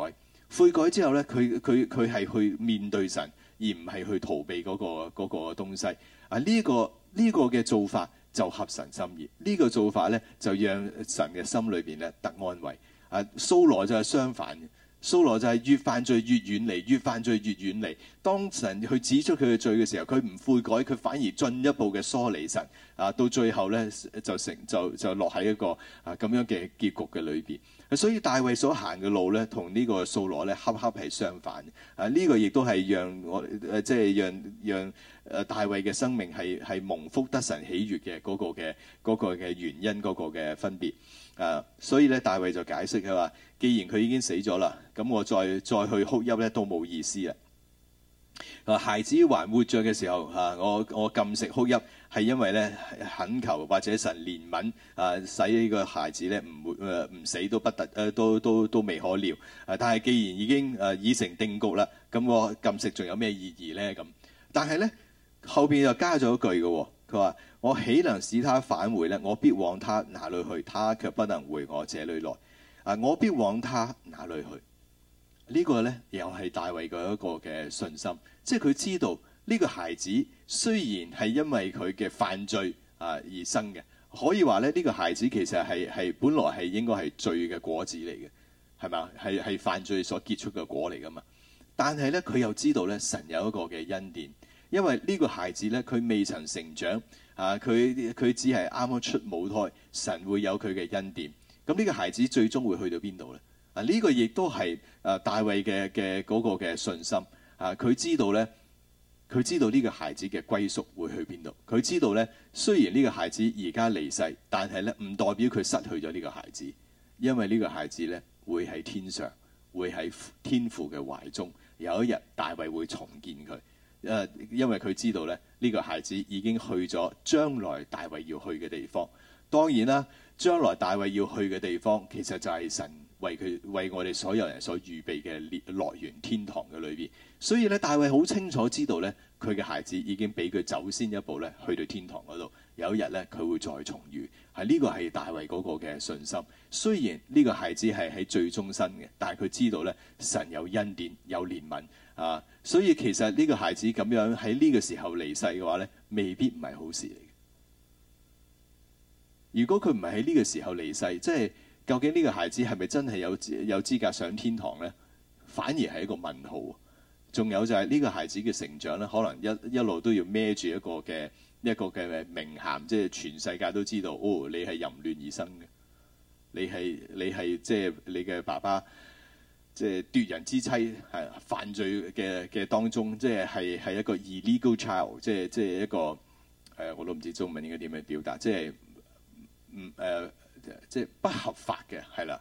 悔改之後呢，佢佢佢係去面對神，而唔係去逃避嗰個嗰個東西。啊，呢個呢個嘅做法就合神心意，呢個做法呢，就讓神嘅心裏邊咧得安慰。啊，掃羅就係相反。掃羅就係越犯罪越遠離，越犯罪越遠離。當神去指出佢嘅罪嘅時候，佢唔悔改，佢反而進一步嘅疏離神。啊，到最後咧就成就就落喺一個啊咁樣嘅結局嘅裏邊。所以大衛所行嘅路咧，同呢個掃羅咧恰恰係相反嘅。啊，呢個亦都係讓我即係、啊就係、讓讓誒大衛嘅生命係係蒙福得神喜悅嘅嗰個嘅嗰個嘅原因嗰個嘅分別。啊，所以咧大衛就解釋佢話：既然佢已經死咗啦，咁我再再去哭泣咧都冇意思啊。孩子還活着嘅時候，嚇、啊、我我禁食哭泣。係因為咧，懇求或者神憐憫啊，使呢個孩子咧唔會誒唔死都不得誒、呃，都都都未可料啊、呃！但係既然已經誒已、呃、成定局啦，咁我禁食仲有咩意義咧？咁但係咧後邊又加咗一句嘅喎、哦，佢話：我豈能使他返回咧？我必往他那裡去，他卻不能回我這裡來啊！我必往他那裡去。這個、呢個咧又係大衛嘅一個嘅信心，即係佢知道呢個孩子。雖然係因為佢嘅犯罪啊而生嘅，可以話咧呢個孩子其實係係本來係應該係罪嘅果子嚟嘅，係嘛？係係犯罪所結出嘅果嚟噶嘛？但係咧佢又知道咧神有一個嘅恩典，因為呢個孩子咧佢未曾成長啊，佢佢只係啱啱出母胎，神會有佢嘅恩典。咁呢個孩子最終會去到邊度咧？啊呢個亦都係誒、啊、大衛嘅嘅嗰個嘅信心啊，佢知道咧。佢知，知道呢個孩子嘅歸宿會去邊度？佢知道咧，雖然呢個孩子而家離世，但係咧唔代表佢失去咗呢個孩子，因為呢個孩子咧會喺天上，會喺天父嘅懷中。有一日，大衛會重見佢。誒、呃，因為佢知道咧，呢、這個孩子已經去咗，將來大衛要去嘅地方，當然啦，將來大衛要去嘅地方其實就係神。為佢為我哋所有人所預備嘅樂園天堂嘅裏邊，所以咧大衛好清楚知道咧，佢嘅孩子已經俾佢走先一步咧，去到天堂嗰度，有一日咧佢會再重遇。係、啊、呢、這個係大衛嗰個嘅信心。雖然呢個孩子係喺最終身嘅，但係佢知道咧，神有恩典有憐憫啊，所以其實呢個孩子咁樣喺呢個時候離世嘅話咧，未必唔係好事嚟。如果佢唔係喺呢個時候離世，即係。究竟呢個孩子係咪真係有資有資格上天堂咧？反而係一個問號。仲有就係呢個孩子嘅成長咧，可能一一路都要孭住一個嘅一個嘅名銜，即係全世界都知道，哦，你係淫亂而生嘅，你係你係即係你嘅爸爸，即係奪人之妻係犯罪嘅嘅當中，即係係係一個 illegal child，即係即係一個誒，呃，我都唔知中文應該點樣表達，即係唔誒。呃呃即係不合法嘅，係啦，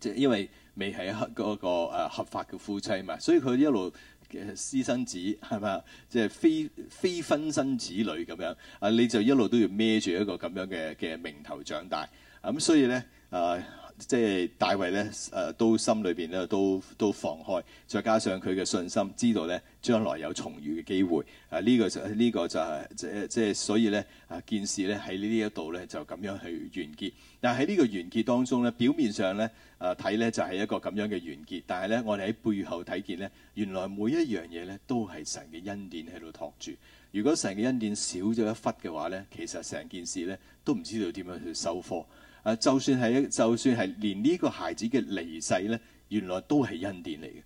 即係因為未係一個合法嘅夫妻嘛，所以佢一路嘅私生子係咪啊？即係、就是、非非婚生子女咁樣啊，你就一路都要孭住一個咁樣嘅嘅名頭長大，咁、啊、所以咧誒。啊即係大衛咧，誒、呃、都心裏邊咧都都放開，再加上佢嘅信心，知道咧將來有重遇嘅機會。誒、呃、呢、這個呢、這個就係、是、即即係所以咧啊，件事咧喺呢一度咧就咁樣去完結。但喺呢個完結當中咧，表面上咧啊睇咧就係一個咁樣嘅完結，但係咧我哋喺背後睇見咧，原來每一樣嘢咧都係神嘅恩典喺度托住。如果神嘅恩典少咗一忽嘅話咧，其實成件事咧都唔知道點樣去收貨。啊，就算係，就算係，連呢個孩子嘅離世咧，原來都係恩典嚟嘅。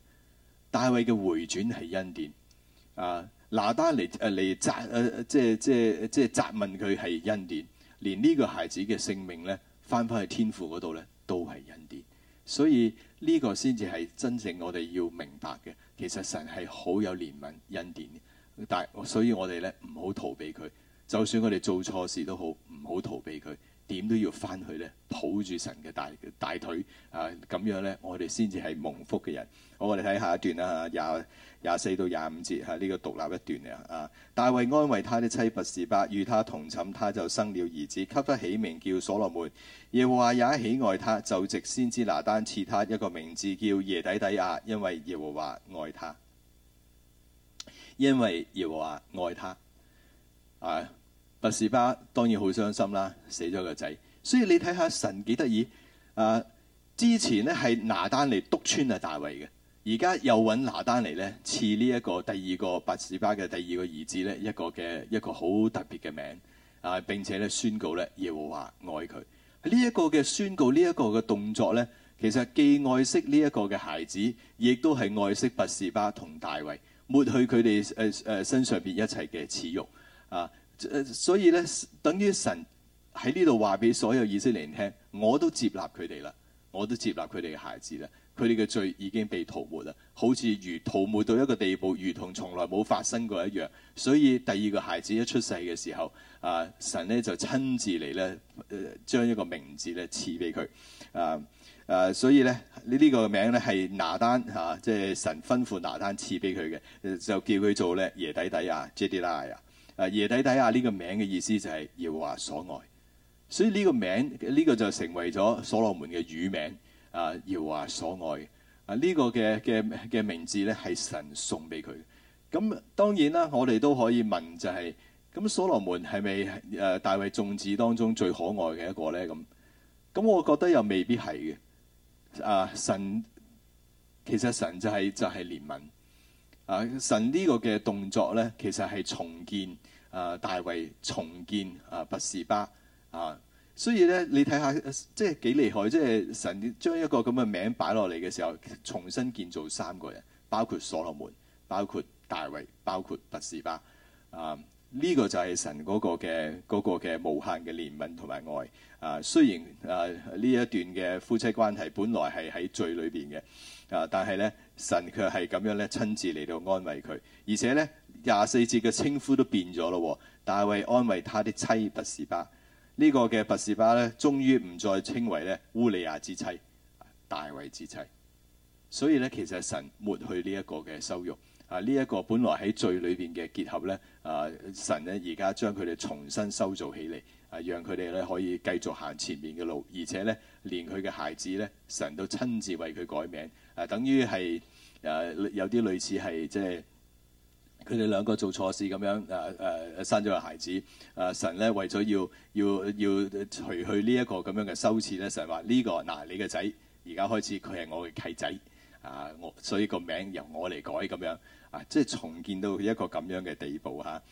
大衛嘅回轉係恩典，啊，拿單嚟誒嚟責誒，即係即係即係責問佢係恩典，連呢個孩子嘅性命咧，翻返去天父嗰度咧，都係恩典。所以呢個先至係真正我哋要明白嘅。其實神係好有憐憫恩典嘅，但所以我哋咧唔好逃避佢。就算我哋做錯事都好，唔好逃避佢。點都要翻去、啊、呢，抱住神嘅大大腿啊！咁樣咧，我哋先至係蒙福嘅人。好，我哋睇下一段啦，廿、啊、廿四到廿五節，係、啊、呢、這個獨立一段嚟啊！大衛安慰他的妻拔示巴，與他同寢，他就生了兒子，給他起名叫所羅門。耶和華也喜愛他，就藉先知拿單賜他一個名字叫耶底底亞、啊，因為耶和華愛他，因為耶和華愛他啊。拔士巴當然好傷心啦，死咗個仔，所以你睇下神幾得意啊！之前咧係拿丹尼督穿啊大衛嘅，而家又揾拿丹尼呢，賜呢一個第二個拔士巴嘅第二個兒子呢，一個嘅一個好特別嘅名啊！並且咧宣告咧耶和華愛佢呢一個嘅宣告，呢一個嘅動作呢，其實既愛惜呢一個嘅孩子，亦都係愛惜拔士巴同大衛抹去佢哋誒誒身上邊一切嘅恥辱啊！所以咧，等於神喺呢度話俾所有以色列人聽，我都接納佢哋啦，我都接納佢哋嘅孩子啦，佢哋嘅罪已經被塗抹啦，好似如塗抹到一個地步，如同從來冇發生過一樣。所以第二個孩子一出世嘅時候，啊、呃，神咧就親自嚟咧，將、呃、一個名字咧賜俾佢。啊啊、呃呃，所以咧呢、呢個名咧係拿單啊，即、就、係、是、神吩咐拿單賜俾佢嘅，就叫佢做咧耶底底啊 Jedidiah 啊。啊！耶底底下、啊、呢、這個名嘅意思就係耶和華所愛，所以呢個名呢、這個就成為咗所羅門嘅乳名啊！耶和華所愛啊！呢、這個嘅嘅嘅名字咧係神送俾佢。咁、嗯、當然啦，我哋都可以問就係、是：咁、嗯、所羅門係咪誒大衞眾子當中最可愛嘅一個咧？咁、嗯、咁、嗯、我覺得又未必係嘅。啊！神其實神就係、是、就係憐憫。啊、神呢個嘅動作呢，其實係重建啊、呃，大衛重建啊，拔士巴啊，所以呢，你睇下、啊，即係幾厲害，即係神將一個咁嘅名擺落嚟嘅時候，重新建造三個人，包括所羅門，包括大衛，包括拔士巴啊，呢、這個就係神嗰個嘅嗰個嘅無限嘅憐憫同埋愛啊。雖然啊，呢一段嘅夫妻關係本來係喺罪裏邊嘅啊，但係呢。神卻係咁樣咧，親自嚟到安慰佢，而且咧廿四節嘅稱呼都變咗咯。大衛安慰他的妻拔示巴，這個、拔巴呢個嘅拔示巴咧，終於唔再稱為咧烏利亞之妻，大衛之妻。所以咧，其實神抹去呢一個嘅羞辱，啊呢一、這個本來喺罪裏邊嘅結合咧，啊神咧而家將佢哋重新修造起嚟。啊，讓佢哋咧可以繼續行前面嘅路，而且咧連佢嘅孩子咧，神都親自為佢改名，啊，等於係誒有啲類似係即係佢哋兩個做錯事咁樣，誒、啊、誒、啊、生咗個孩子，啊，神咧為咗要要要，要除去呢一個咁樣嘅羞恥咧，就係話呢個嗱、啊、你嘅仔而家開始佢係我嘅契仔啊，我所以個名由我嚟改咁樣啊，即係重建到一個咁樣嘅地步嚇。啊。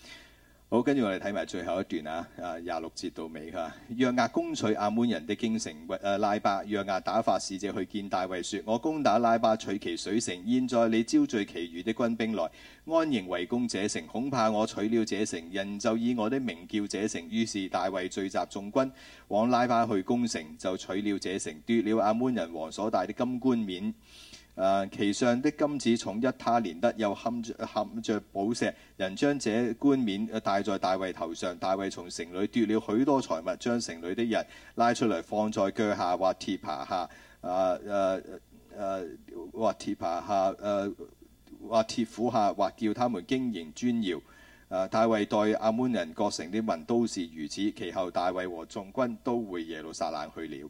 好，跟住我哋睇埋最後一段啊！啊，廿六節到尾哈。約、啊、押攻取亞捫人的京城，呃、拉巴。約押打發使者去見大衛，説：我攻打拉巴，取其水城。現在你招聚其餘的軍兵來安營圍攻這城，恐怕我取了這城，人就以我的名叫這城。於是大衛聚集眾軍往拉巴去攻城，就取了這城，奪了亞捫人王所帶的金冠冕。誒其上的金子重一他連得，又含着嵌著寶石。人將這冠冕戴在大衛頭上。大衛從城裏奪了許多財物，將城裏的人拉出嚟放在腳下或鐵耙下，啊誒、啊、誒、啊啊啊啊、或鐵耙下誒、啊啊、或鐵斧下，或叫他們經營磚窯。誒大衛對亞捫人各城的民都是如此。其後大衛和眾軍都回耶路撒冷去了。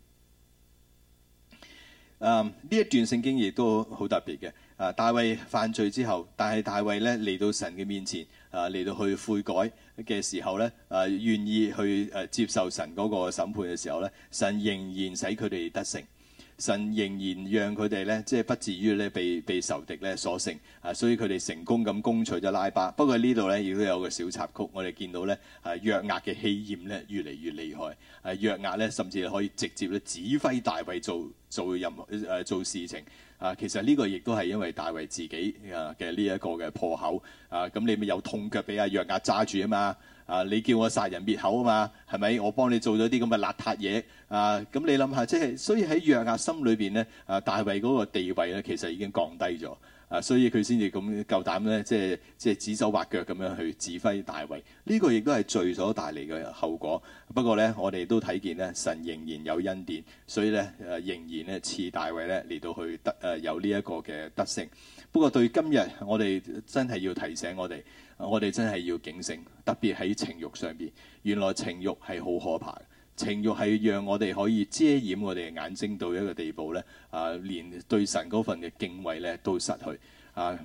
啊！呢、um, 一段聖經亦都好特別嘅。啊，大衛犯罪之後，但係大衛咧嚟到神嘅面前，啊嚟到去悔改嘅時候咧，啊願意去誒、啊、接受神嗰個審判嘅時候咧，神仍然使佢哋得勝。神仍然讓佢哋咧，即係不至於咧被被仇敵咧所勝啊，所以佢哋成功咁攻取咗拉巴。不過呢度咧亦都有個小插曲，我哋見到咧啊，約押嘅氣焰咧越嚟越厲害啊，約押咧甚至可以直接咧指揮大衛做做任何誒做事情啊。其實呢個亦都係因為大衛自己啊嘅呢一個嘅破口啊，咁你咪有痛腳俾啊約押揸住啊嘛。啊！你叫我殺人滅口啊嘛，係咪？我幫你做咗啲咁嘅邋遢嘢啊！咁你諗下，即係所以喺約押心裏面呢，啊，大衛嗰個地位呢，其實已經降低咗。啊，所以佢先至咁夠膽咧，即係即係指手畫腳咁樣去指揮大衛。呢個亦都係罪所帶嚟嘅後果。不過咧，我哋都睇見咧，神仍然有恩典，所以咧，誒仍然咧賜大衛咧嚟到去得誒有呢一個嘅得勝。不過對今日我哋真係要提醒我哋，我哋真係要警醒，特別喺情慾上邊，原來情慾係好可怕。情欲係讓我哋可以遮掩我哋嘅眼睛到一個地步咧，啊，連對神嗰份嘅敬畏咧都失去啊。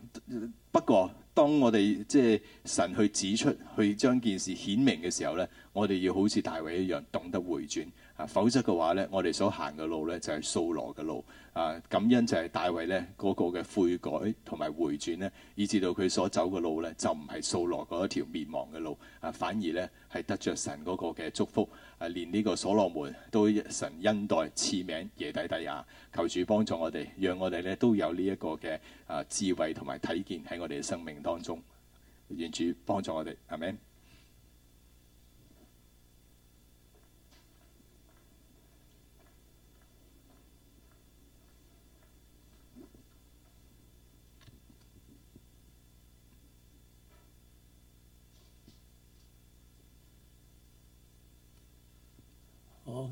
不過，當我哋即係神去指出、去將件事顯明嘅時候咧，我哋要好似大衛一樣懂得回轉啊。否則嘅話咧，我哋所行嘅路咧就係、是、掃羅嘅路啊。感恩就係大衛咧嗰個嘅悔改同埋回轉咧，以至到佢所走嘅路咧就唔係掃羅嗰一條滅亡嘅路啊，反而咧係得着神嗰個嘅祝福。啊！連呢個所羅門都神恩待，賜名耶底底亞，求主幫助我哋，讓我哋咧都有呢一個嘅啊智慧同埋體見喺我哋嘅生命當中，願主幫助我哋，阿門。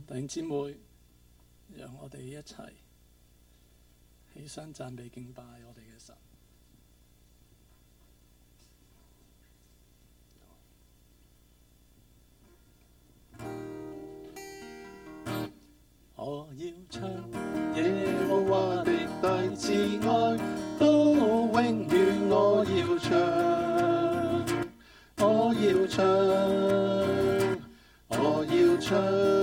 弟兄姊妹，讓我哋一齊起身讚美敬拜我哋嘅神。 我要唱耶和華的大慈愛，都永遠我要唱，我要唱，我要唱。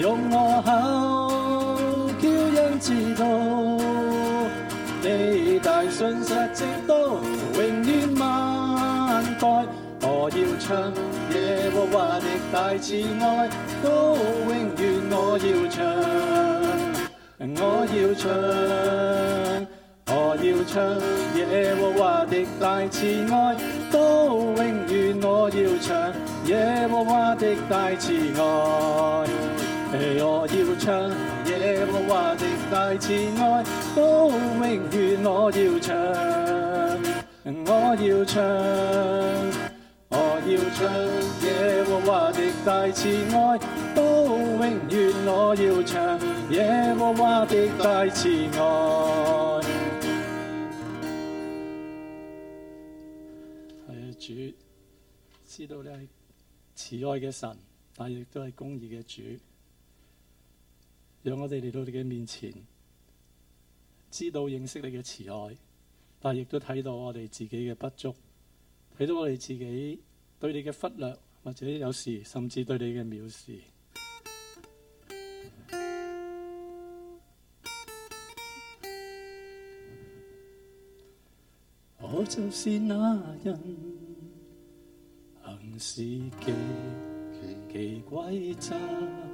用我口叫人知道，你大信實直到永遠萬代。我要唱耶和華的大慈愛，都永遠我要唱，我要唱。我要唱耶和華的大慈愛，都永遠我要唱耶和華的大慈愛。我要唱耶和華的大慈愛，都永遠我要唱，我要唱，我要唱耶和華的大慈愛，都永遠我要唱耶和華的大慈愛。誒， 主，知道你係慈愛嘅神，但亦都係公義嘅主。讓我哋嚟到你嘅面前，知道認識你嘅慈愛，但亦都睇到我哋自己嘅不足，睇到我哋自己對你嘅忽略，或者有時甚至對你嘅藐視。 我就是那人，行事極，極其詭詐。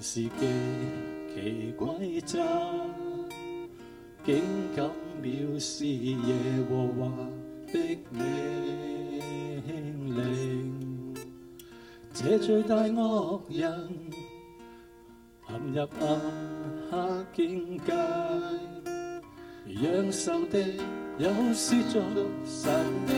是極其詭詐，竟敢藐視耶和華的命令，這最大惡人陷入暗黑境界，讓受的有試作神。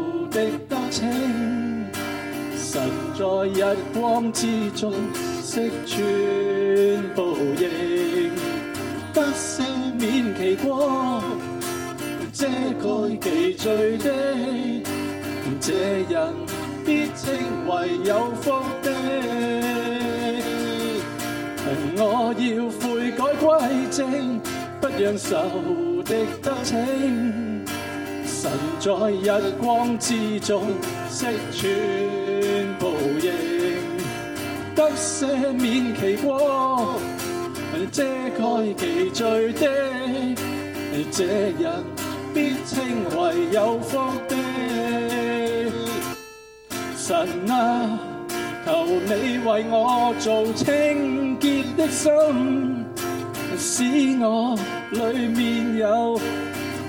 得逞，神在日光之中，色全部映，得赦免其過，遮蓋其罪的，這人必稱為有福的。我要悔改歸正，不讓仇敵得逞。神在日光之中，悉全部應，得赦免其過，遮蓋其罪的，這人必稱為有福的。神啊，求你為我做清潔的心，使我裏面有。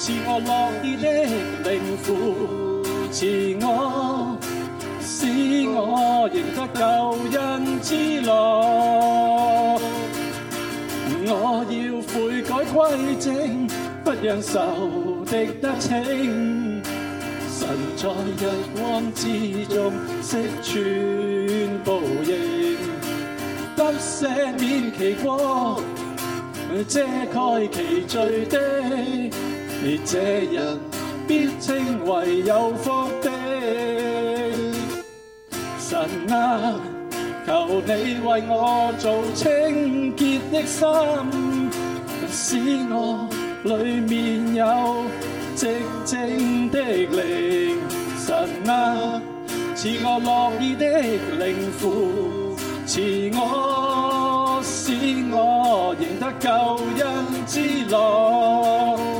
賜我樂意的靈，扶持我，使我贏得救恩之樂。我要悔改歸正，不讓仇敵得逞。神在日光之中，悉全報應，不赦免其過，遮蓋其罪的。你這人必稱為有福的。神啊，求你為我造清潔的心，使我裏面有正直的靈。神啊，賜我樂意的靈符，賜我，使我仍得救恩之樂。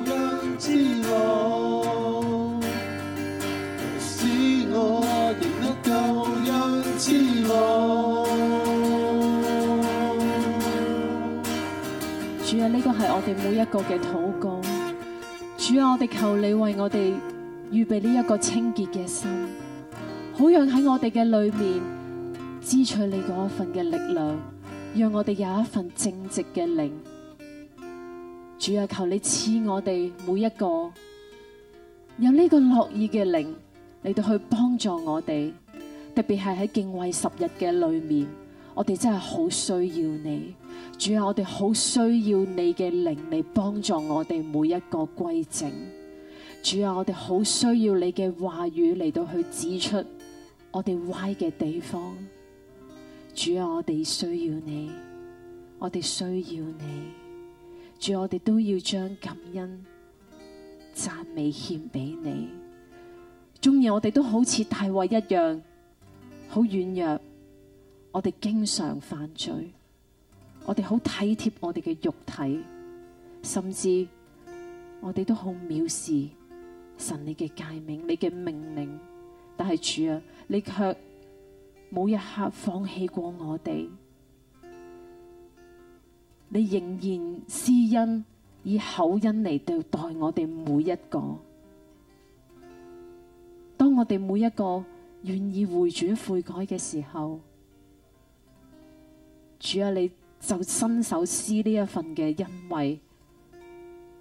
我，是我，贏得夠恩慈我。主啊，呢個係我哋每一個嘅禱告。主啊，我哋求你為我哋預備呢一個清潔嘅心，好讓喺我哋嘅裏面支取你嗰一份嘅力量，讓我哋有一份正直嘅靈。主啊，求你賜我哋每一個有呢個樂意嘅靈嚟到去幫助我哋。特別係喺敬畏十日嘅裏面，我哋真係好需要你。主啊，我哋好需要你嘅靈嚟幫助我哋每一個歸正。主啊，我哋好需要你嘅話語嚟到去指出我哋歪嘅地方。主啊，我哋需要你，我哋需要你。主，我哋都要將感恩、讚美獻俾你。中意我哋都好似大衛一樣，好軟弱。我哋經常犯罪，我哋好體貼我哋嘅肉體，甚至我哋都好藐視神你嘅誡命、你嘅命令。但係主啊，你卻冇一刻放棄過我哋。你仍然施恩以口恩嚟對待我哋每一個，當我哋每一個願意回轉悔改嘅時候，主啊，你就伸手施呢一份嘅恩惠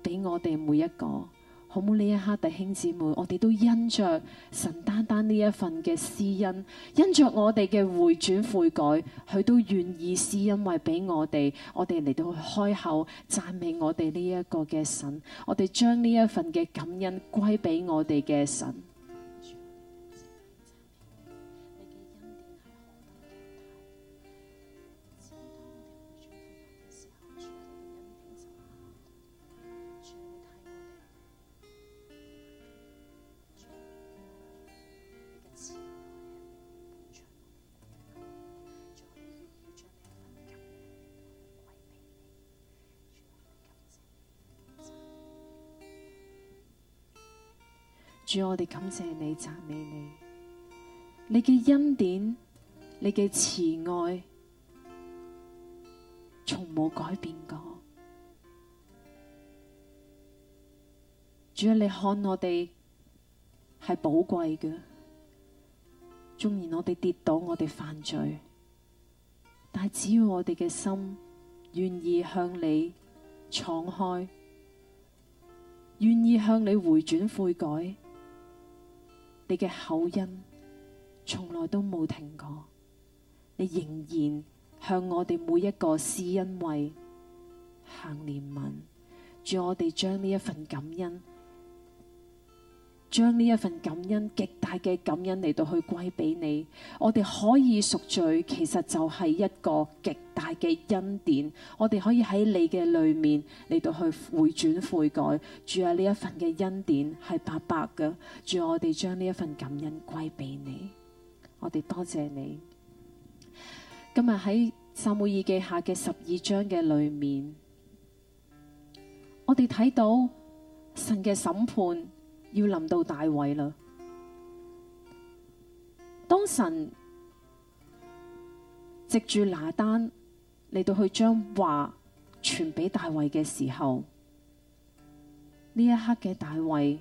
畀我哋每一個。好冇，呢一刻弟兄姊妹，我哋都因着神單單呢一份嘅施恩，因着我哋嘅回轉悔改，佢都願意施恩為俾我哋，我哋嚟到開口讚美我哋呢一個嘅神，我哋將呢一份嘅感恩歸俾我哋嘅神。主，我哋感謝你讚美你，你嘅恩典，你嘅慈愛，從冇改變過。主啊，你看我哋係寶貴嘅，縱然我哋跌倒，我哋犯罪，但只要我哋嘅心願意向你敞開，願意向你回轉悔改。你嘅口音從來都冇停過，你仍然向我哋每一個施恩惠行憐憫，主我哋將呢一份感恩，將呢一份感恩，極大嘅感恩嚟到去歸俾你，我哋可以贖罪，其實就係一個極。大嘅恩典，我哋可以喺你嘅裏面嚟到去回轉悔改，主啊，呢一份嘅恩典係白白嘅。主，我哋將呢一份感恩歸俾你，我哋多謝你。今日喺撒母耳記下嘅十二章嘅裏面，我哋睇到神嘅審判要臨到大衛啦。當神藉住拿單。嚟到佢將話傳俾大衛嘅時候，呢一刻嘅大衛，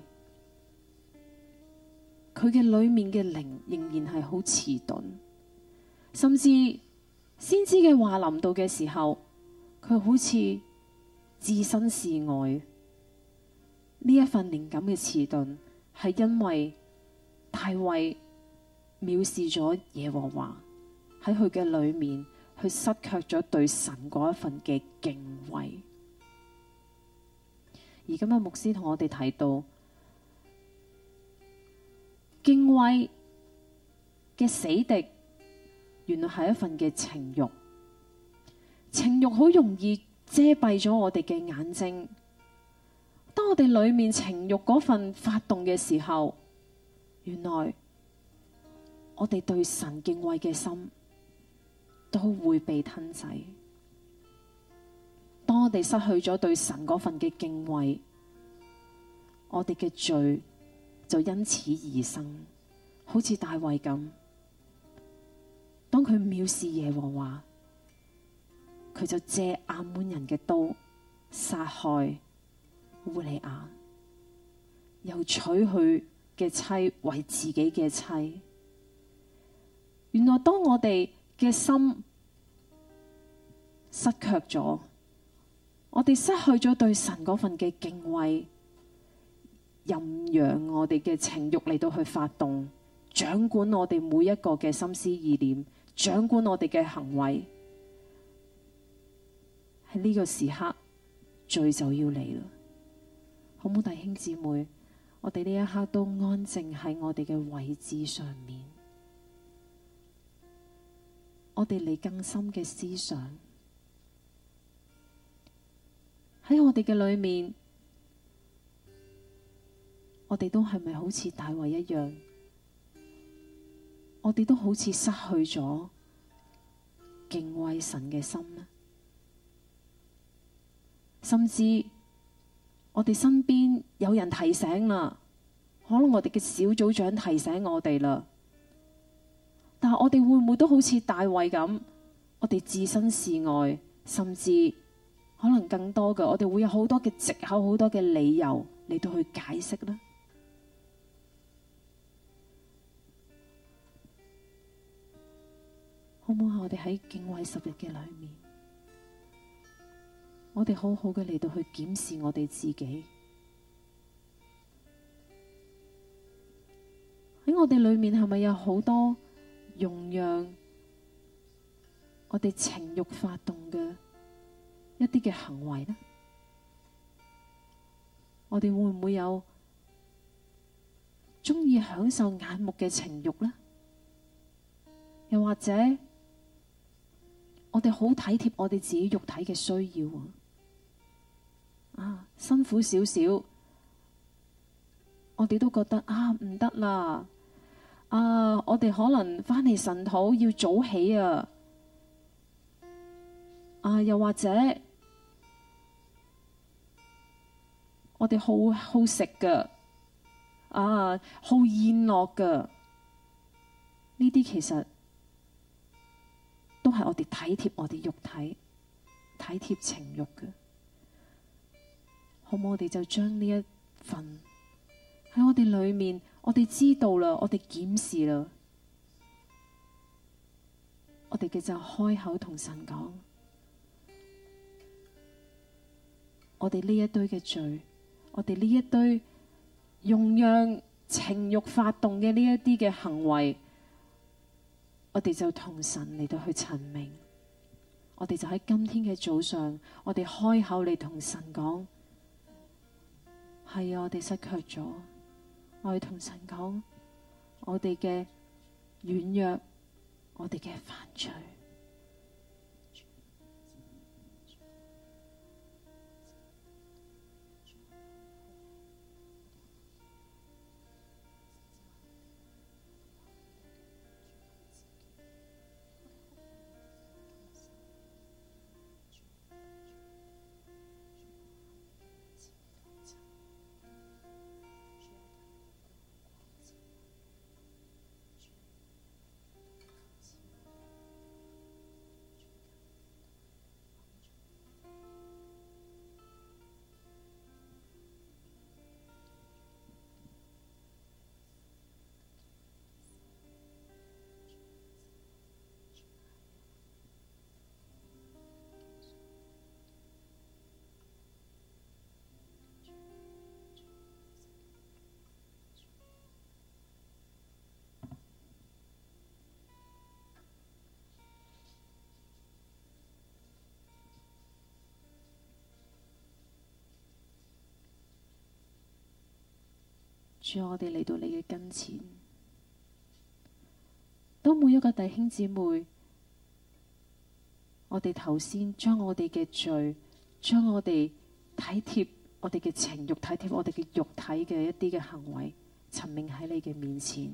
佢嘅裏面嘅靈仍然係好遲鈍，甚至先知嘅話臨到嘅時候，佢好似置身事外。呢一份靈感嘅遲鈍，係因為大衛藐，藐視咗耶和華喺佢嘅裏面。佢失卻咗對神嗰一份嘅敬畏，而今日牧師同我哋提到敬畏嘅死敵，原來係一份嘅情慾，情慾好容易遮蔽咗我哋嘅眼睛。當我哋裏面情慾嗰份發動嘅時候，原來我哋對神敬畏嘅心，都會被吞噬。當我哋失去咗對神嗰份嘅敬畏，我哋嘅罪就因此而生，好似大衛咁。當佢藐視耶和華，佢就借亞捫人嘅刀殺害烏利亞，又娶佢嘅妻為自己嘅妻。原來當我哋嘅心失卻咗，我哋失去咗對神嗰份嘅敬畏，任讓我哋嘅情欲嚟到去發動，掌管我哋每一個嘅心思意念，掌管我哋嘅行為。喺呢個時刻，罪就要嚟啦。好唔好，弟兄姊妹？我哋呢一刻都安靜喺我哋嘅位置上面。我哋嚟更深嘅思想喺我哋嘅裏面，我哋都係咪好似大衛一樣？我哋都好似失去咗敬畏神嘅心咧？甚至我哋身邊有人提醒啦，可能我哋嘅小組長提醒我哋啦。但係我哋會唔會都好似大衛咁，我哋置身事外，甚至可能更多嘅，我哋會有好多嘅借口、好多嘅理由嚟到去解釋咧。好唔好？我哋喺敬畏十日嘅裏面，我哋好好嘅嚟到去檢視我哋自己喺我哋裏面係咪有好多？容讓我哋情欲發動嘅一啲嘅行為呢，我哋會唔會有鍾意享受眼目嘅情欲呢？又或者我哋好體貼我哋自己肉體嘅需要啊？啊，辛苦少少，我哋都覺得啊，唔得啦。啊！Uh, 我哋可能翻嚟晨禱要早起啊！啊、uh，又或者我哋好好食噶，啊，好宴、uh, 樂噶，呢啲其實都係我哋體貼我哋肉體、體貼情欲嘅，好唔好我哋就將呢一份喺我哋裏面？我哋知道啦，我哋檢視啦，我哋嘅就開口同神講，我哋呢一堆嘅罪，我哋呢一堆容讓情欲發動嘅呢一啲嘅行為，我哋就同神嚟到去陳明，我哋就喺今天嘅早上，我哋開口嚟同神講，係啊，我哋失卻咗。我要同神講，我哋嘅軟弱，我哋嘅犯罪。主啊，我哋嚟到你嘅跟前，當每一個弟兄姊妹，我哋頭先將我哋嘅罪，將我哋體貼我哋嘅情欲，體貼我哋嘅肉體嘅一啲嘅行為，陳明喺你嘅面前。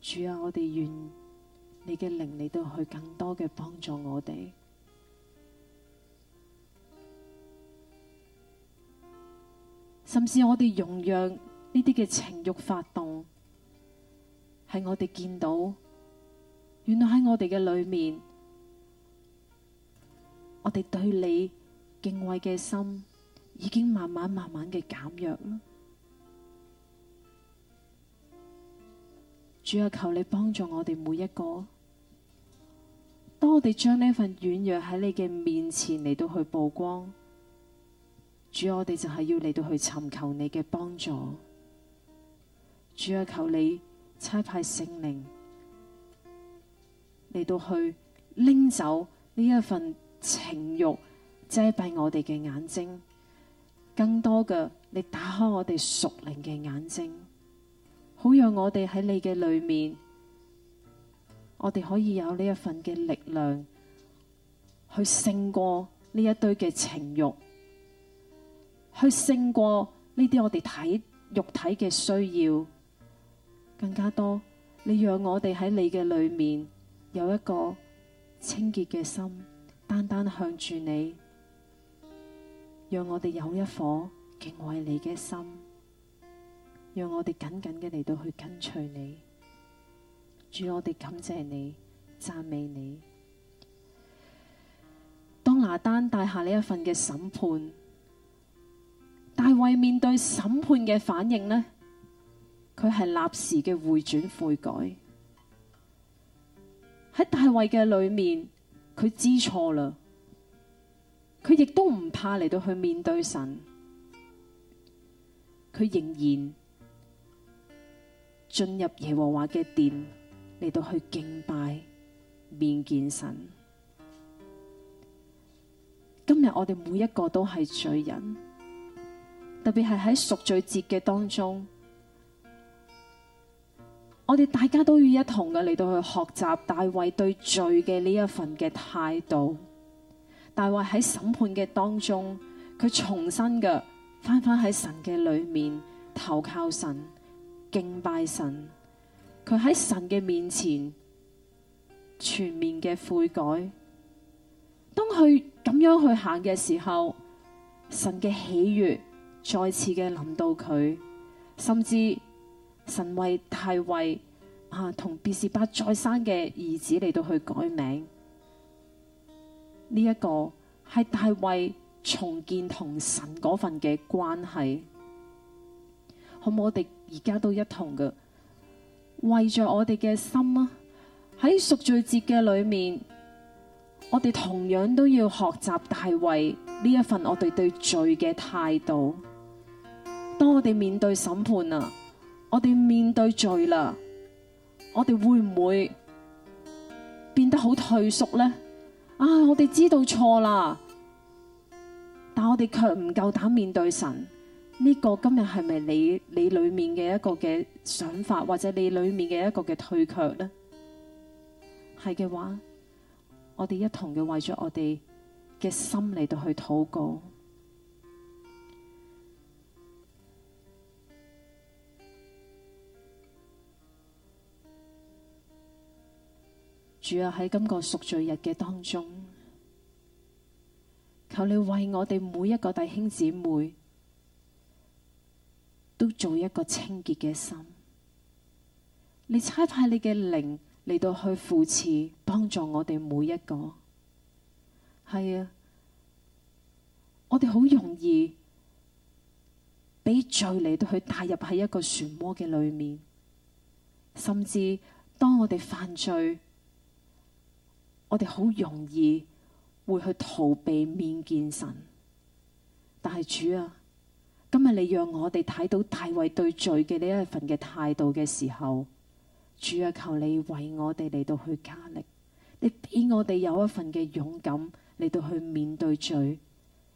主啊，我哋願你嘅靈嚟到去更多嘅幫助我哋。甚至我哋容讓呢啲嘅情欲發動，係我哋見到，原來喺我哋嘅裏面，我哋對你敬畏嘅心已經慢慢慢慢嘅減弱啦。主，要求你幫助我哋每一個，當我哋將呢份軟弱喺你嘅面前嚟到去曝光。主，我哋就係要嚟到去尋求你嘅幫助。主啊，求你差派聖靈嚟到去拎走呢一份情欲，遮蔽我哋嘅眼睛，更多嘅你打開我哋屬靈嘅眼睛，好讓我哋喺你嘅裏面，我哋可以有呢一份嘅力量去勝過呢一堆嘅情欲。去勝過呢啲我哋體肉體嘅需要，更加多。你讓我哋喺你嘅裏面有一個清潔嘅心，單單向住你，讓我哋有一顆敬畏你嘅心，讓我哋緊緊嘅嚟到去跟隨你，主要我哋感謝你，讚美你。當拿單帶下呢一份嘅審判。大衛面對審判嘅反應呢，佢係立時嘅回轉悔改。喺大衛嘅裏面，佢知錯啦，佢亦都唔怕嚟到去面對神，佢仍然進入耶和華嘅殿嚟到去敬拜，面見神。今日我哋每一個都係罪人。特別係喺贖罪節嘅當中，我哋大家都要一同嘅嚟到去學習大衛對罪嘅呢一份嘅態度。大衛喺審判嘅當中，佢重新嘅翻返喺神嘅裏面投靠神、敬拜神，佢喺神嘅面前全面嘅悔改。當佢咁樣去行嘅時候，神嘅喜悦。再次嘅諗到佢，甚至神為大衛啊同別士巴再生嘅兒子嚟到去改名，呢、這、一個係大衛重建同神嗰份嘅關係，好唔好？我哋而家都一同嘅，為着我哋嘅心啊喺贖罪節嘅裏面，我哋同樣都要學習大衛呢一份我哋對罪嘅態度。當我哋面對審判啦，我哋面對罪啦，我哋會唔會變得好退縮咧？啊，我哋知道錯啦，但我哋卻唔夠膽面對神。呢個今日係咪你你裏面嘅一個嘅想法，或者你裏面嘅一個嘅退卻咧？係嘅話，我哋一同嘅為咗我哋嘅心嚟到去禱告。主喺今個贖罪日嘅當中，求你為我哋每一個弟兄姊妹都做一個清潔嘅心。你差派你嘅靈嚟到去扶持幫助我哋每一個。係啊，我哋好容易俾罪嚟到去帶入喺一個漩渦嘅裏面，甚至當我哋犯罪。我哋好容易會去逃避面見神，但係主啊，今日你讓我哋睇到大衛對罪嘅呢一份嘅態度嘅時候，主啊，求你為我哋嚟到去加力，你俾我哋有一份嘅勇敢嚟到去面對罪，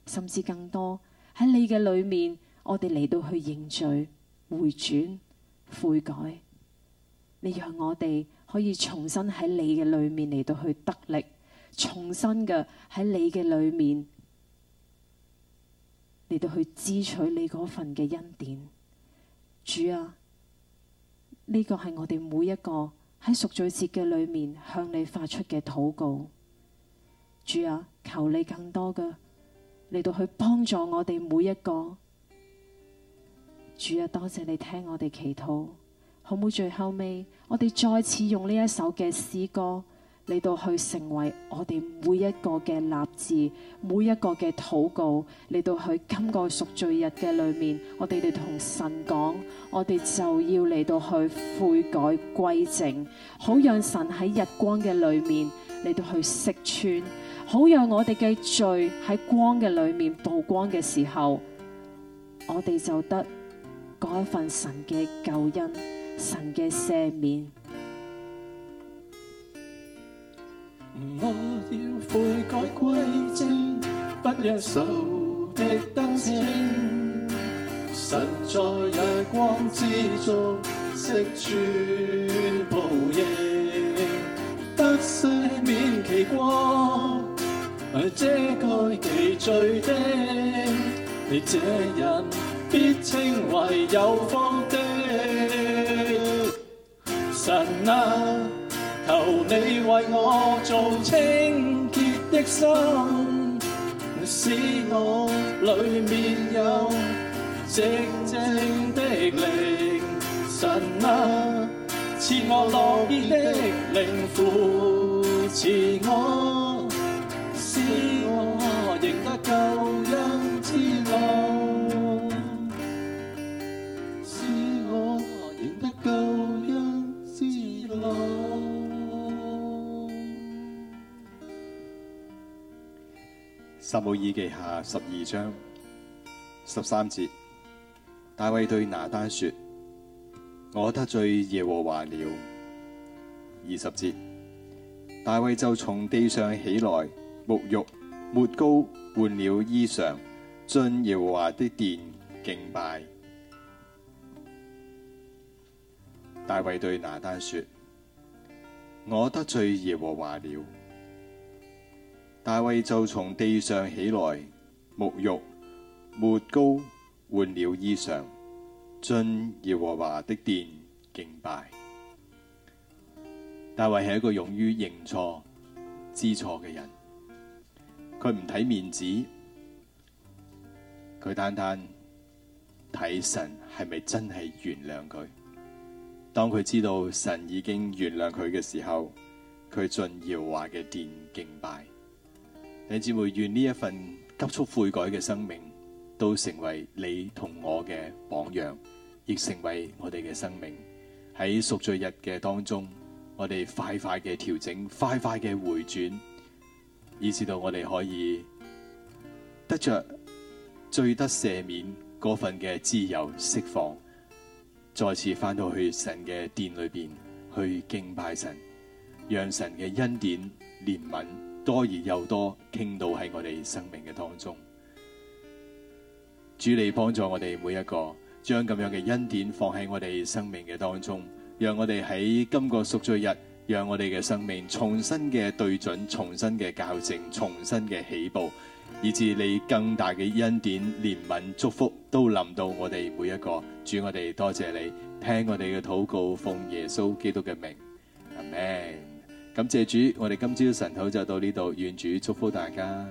甚至更多喺你嘅裏面，我哋嚟到去認罪、回轉、悔改，你讓我哋。可以重新喺你嘅裏面嚟到去得力，重新嘅喺你嘅裏面嚟到去支取你嗰份嘅恩典。主啊，呢、這個係我哋每一個喺贖罪節嘅裏面向你發出嘅禱告。主啊，求你更多嘅嚟到去幫助我哋每一個。主啊，多謝你聽我哋祈禱。好冇？最後尾，我哋再次用呢一首嘅詩歌嚟到去成為我哋每一個嘅立志，每一個嘅禱告，嚟到去今個贖罪日嘅裏面，我哋哋同神講，我哋就要嚟到去悔改歸正，好讓神喺日光嘅裏面嚟到去識穿，好讓我哋嘅罪喺光嘅裏面曝光嘅時候，我哋就得嗰一份神嘅救恩。神嘅赦免，我要悔改歸正，不忍受的燈青。神在日光之中，悉穿暴影，得赦免其過，遮蓋其罪的。你這人必稱為有福的。神啊，求你為我做清潔的心，使我裏面有寂靜，靜的靈。神啊，賜我樂意的靈扶持我，使我仍得救。撒母耳記下十二章十三節，大衛對拿單說：我得罪耶和華了。二十節，大衛就從地上起來，沐浴、抹膏，換了衣裳，進耶和華的殿敬拜。大衛對拿單說：我得罪耶和華了。大衛就從地上起來，沐浴、抹膏，換了衣裳，進耶和華的殿敬拜。大衛係一個勇於認錯知錯嘅人，佢唔睇面子，佢單單睇神係咪真係原諒佢。當佢知道神已經原諒佢嘅時候，佢進耶和華嘅殿敬拜。你只會願呢一份急速悔改嘅生命，都成為你同我嘅榜樣，亦成為我哋嘅生命。喺贖罪日嘅當中，我哋快快嘅調整，快快嘅回轉，以致到我哋可以得着罪得赦免嗰份嘅自由釋放，再次返到去神嘅殿裏邊去敬拜神，讓神嘅恩典憐憫。多而又多傾倒喺我哋生命嘅當中，主你幫助我哋每一個，將咁樣嘅恩典放喺我哋生命嘅當中，讓我哋喺今個贖罪日，讓我哋嘅生命重新嘅對準，重新嘅校正，重新嘅起步，以致你更大嘅恩典、憐憫、祝福都臨到我哋每一個。主我哋多謝你，聽我哋嘅禱告，奉耶穌基督嘅名，阿門。感謝主，我哋今朝晨禱就到呢度，願主祝福大家。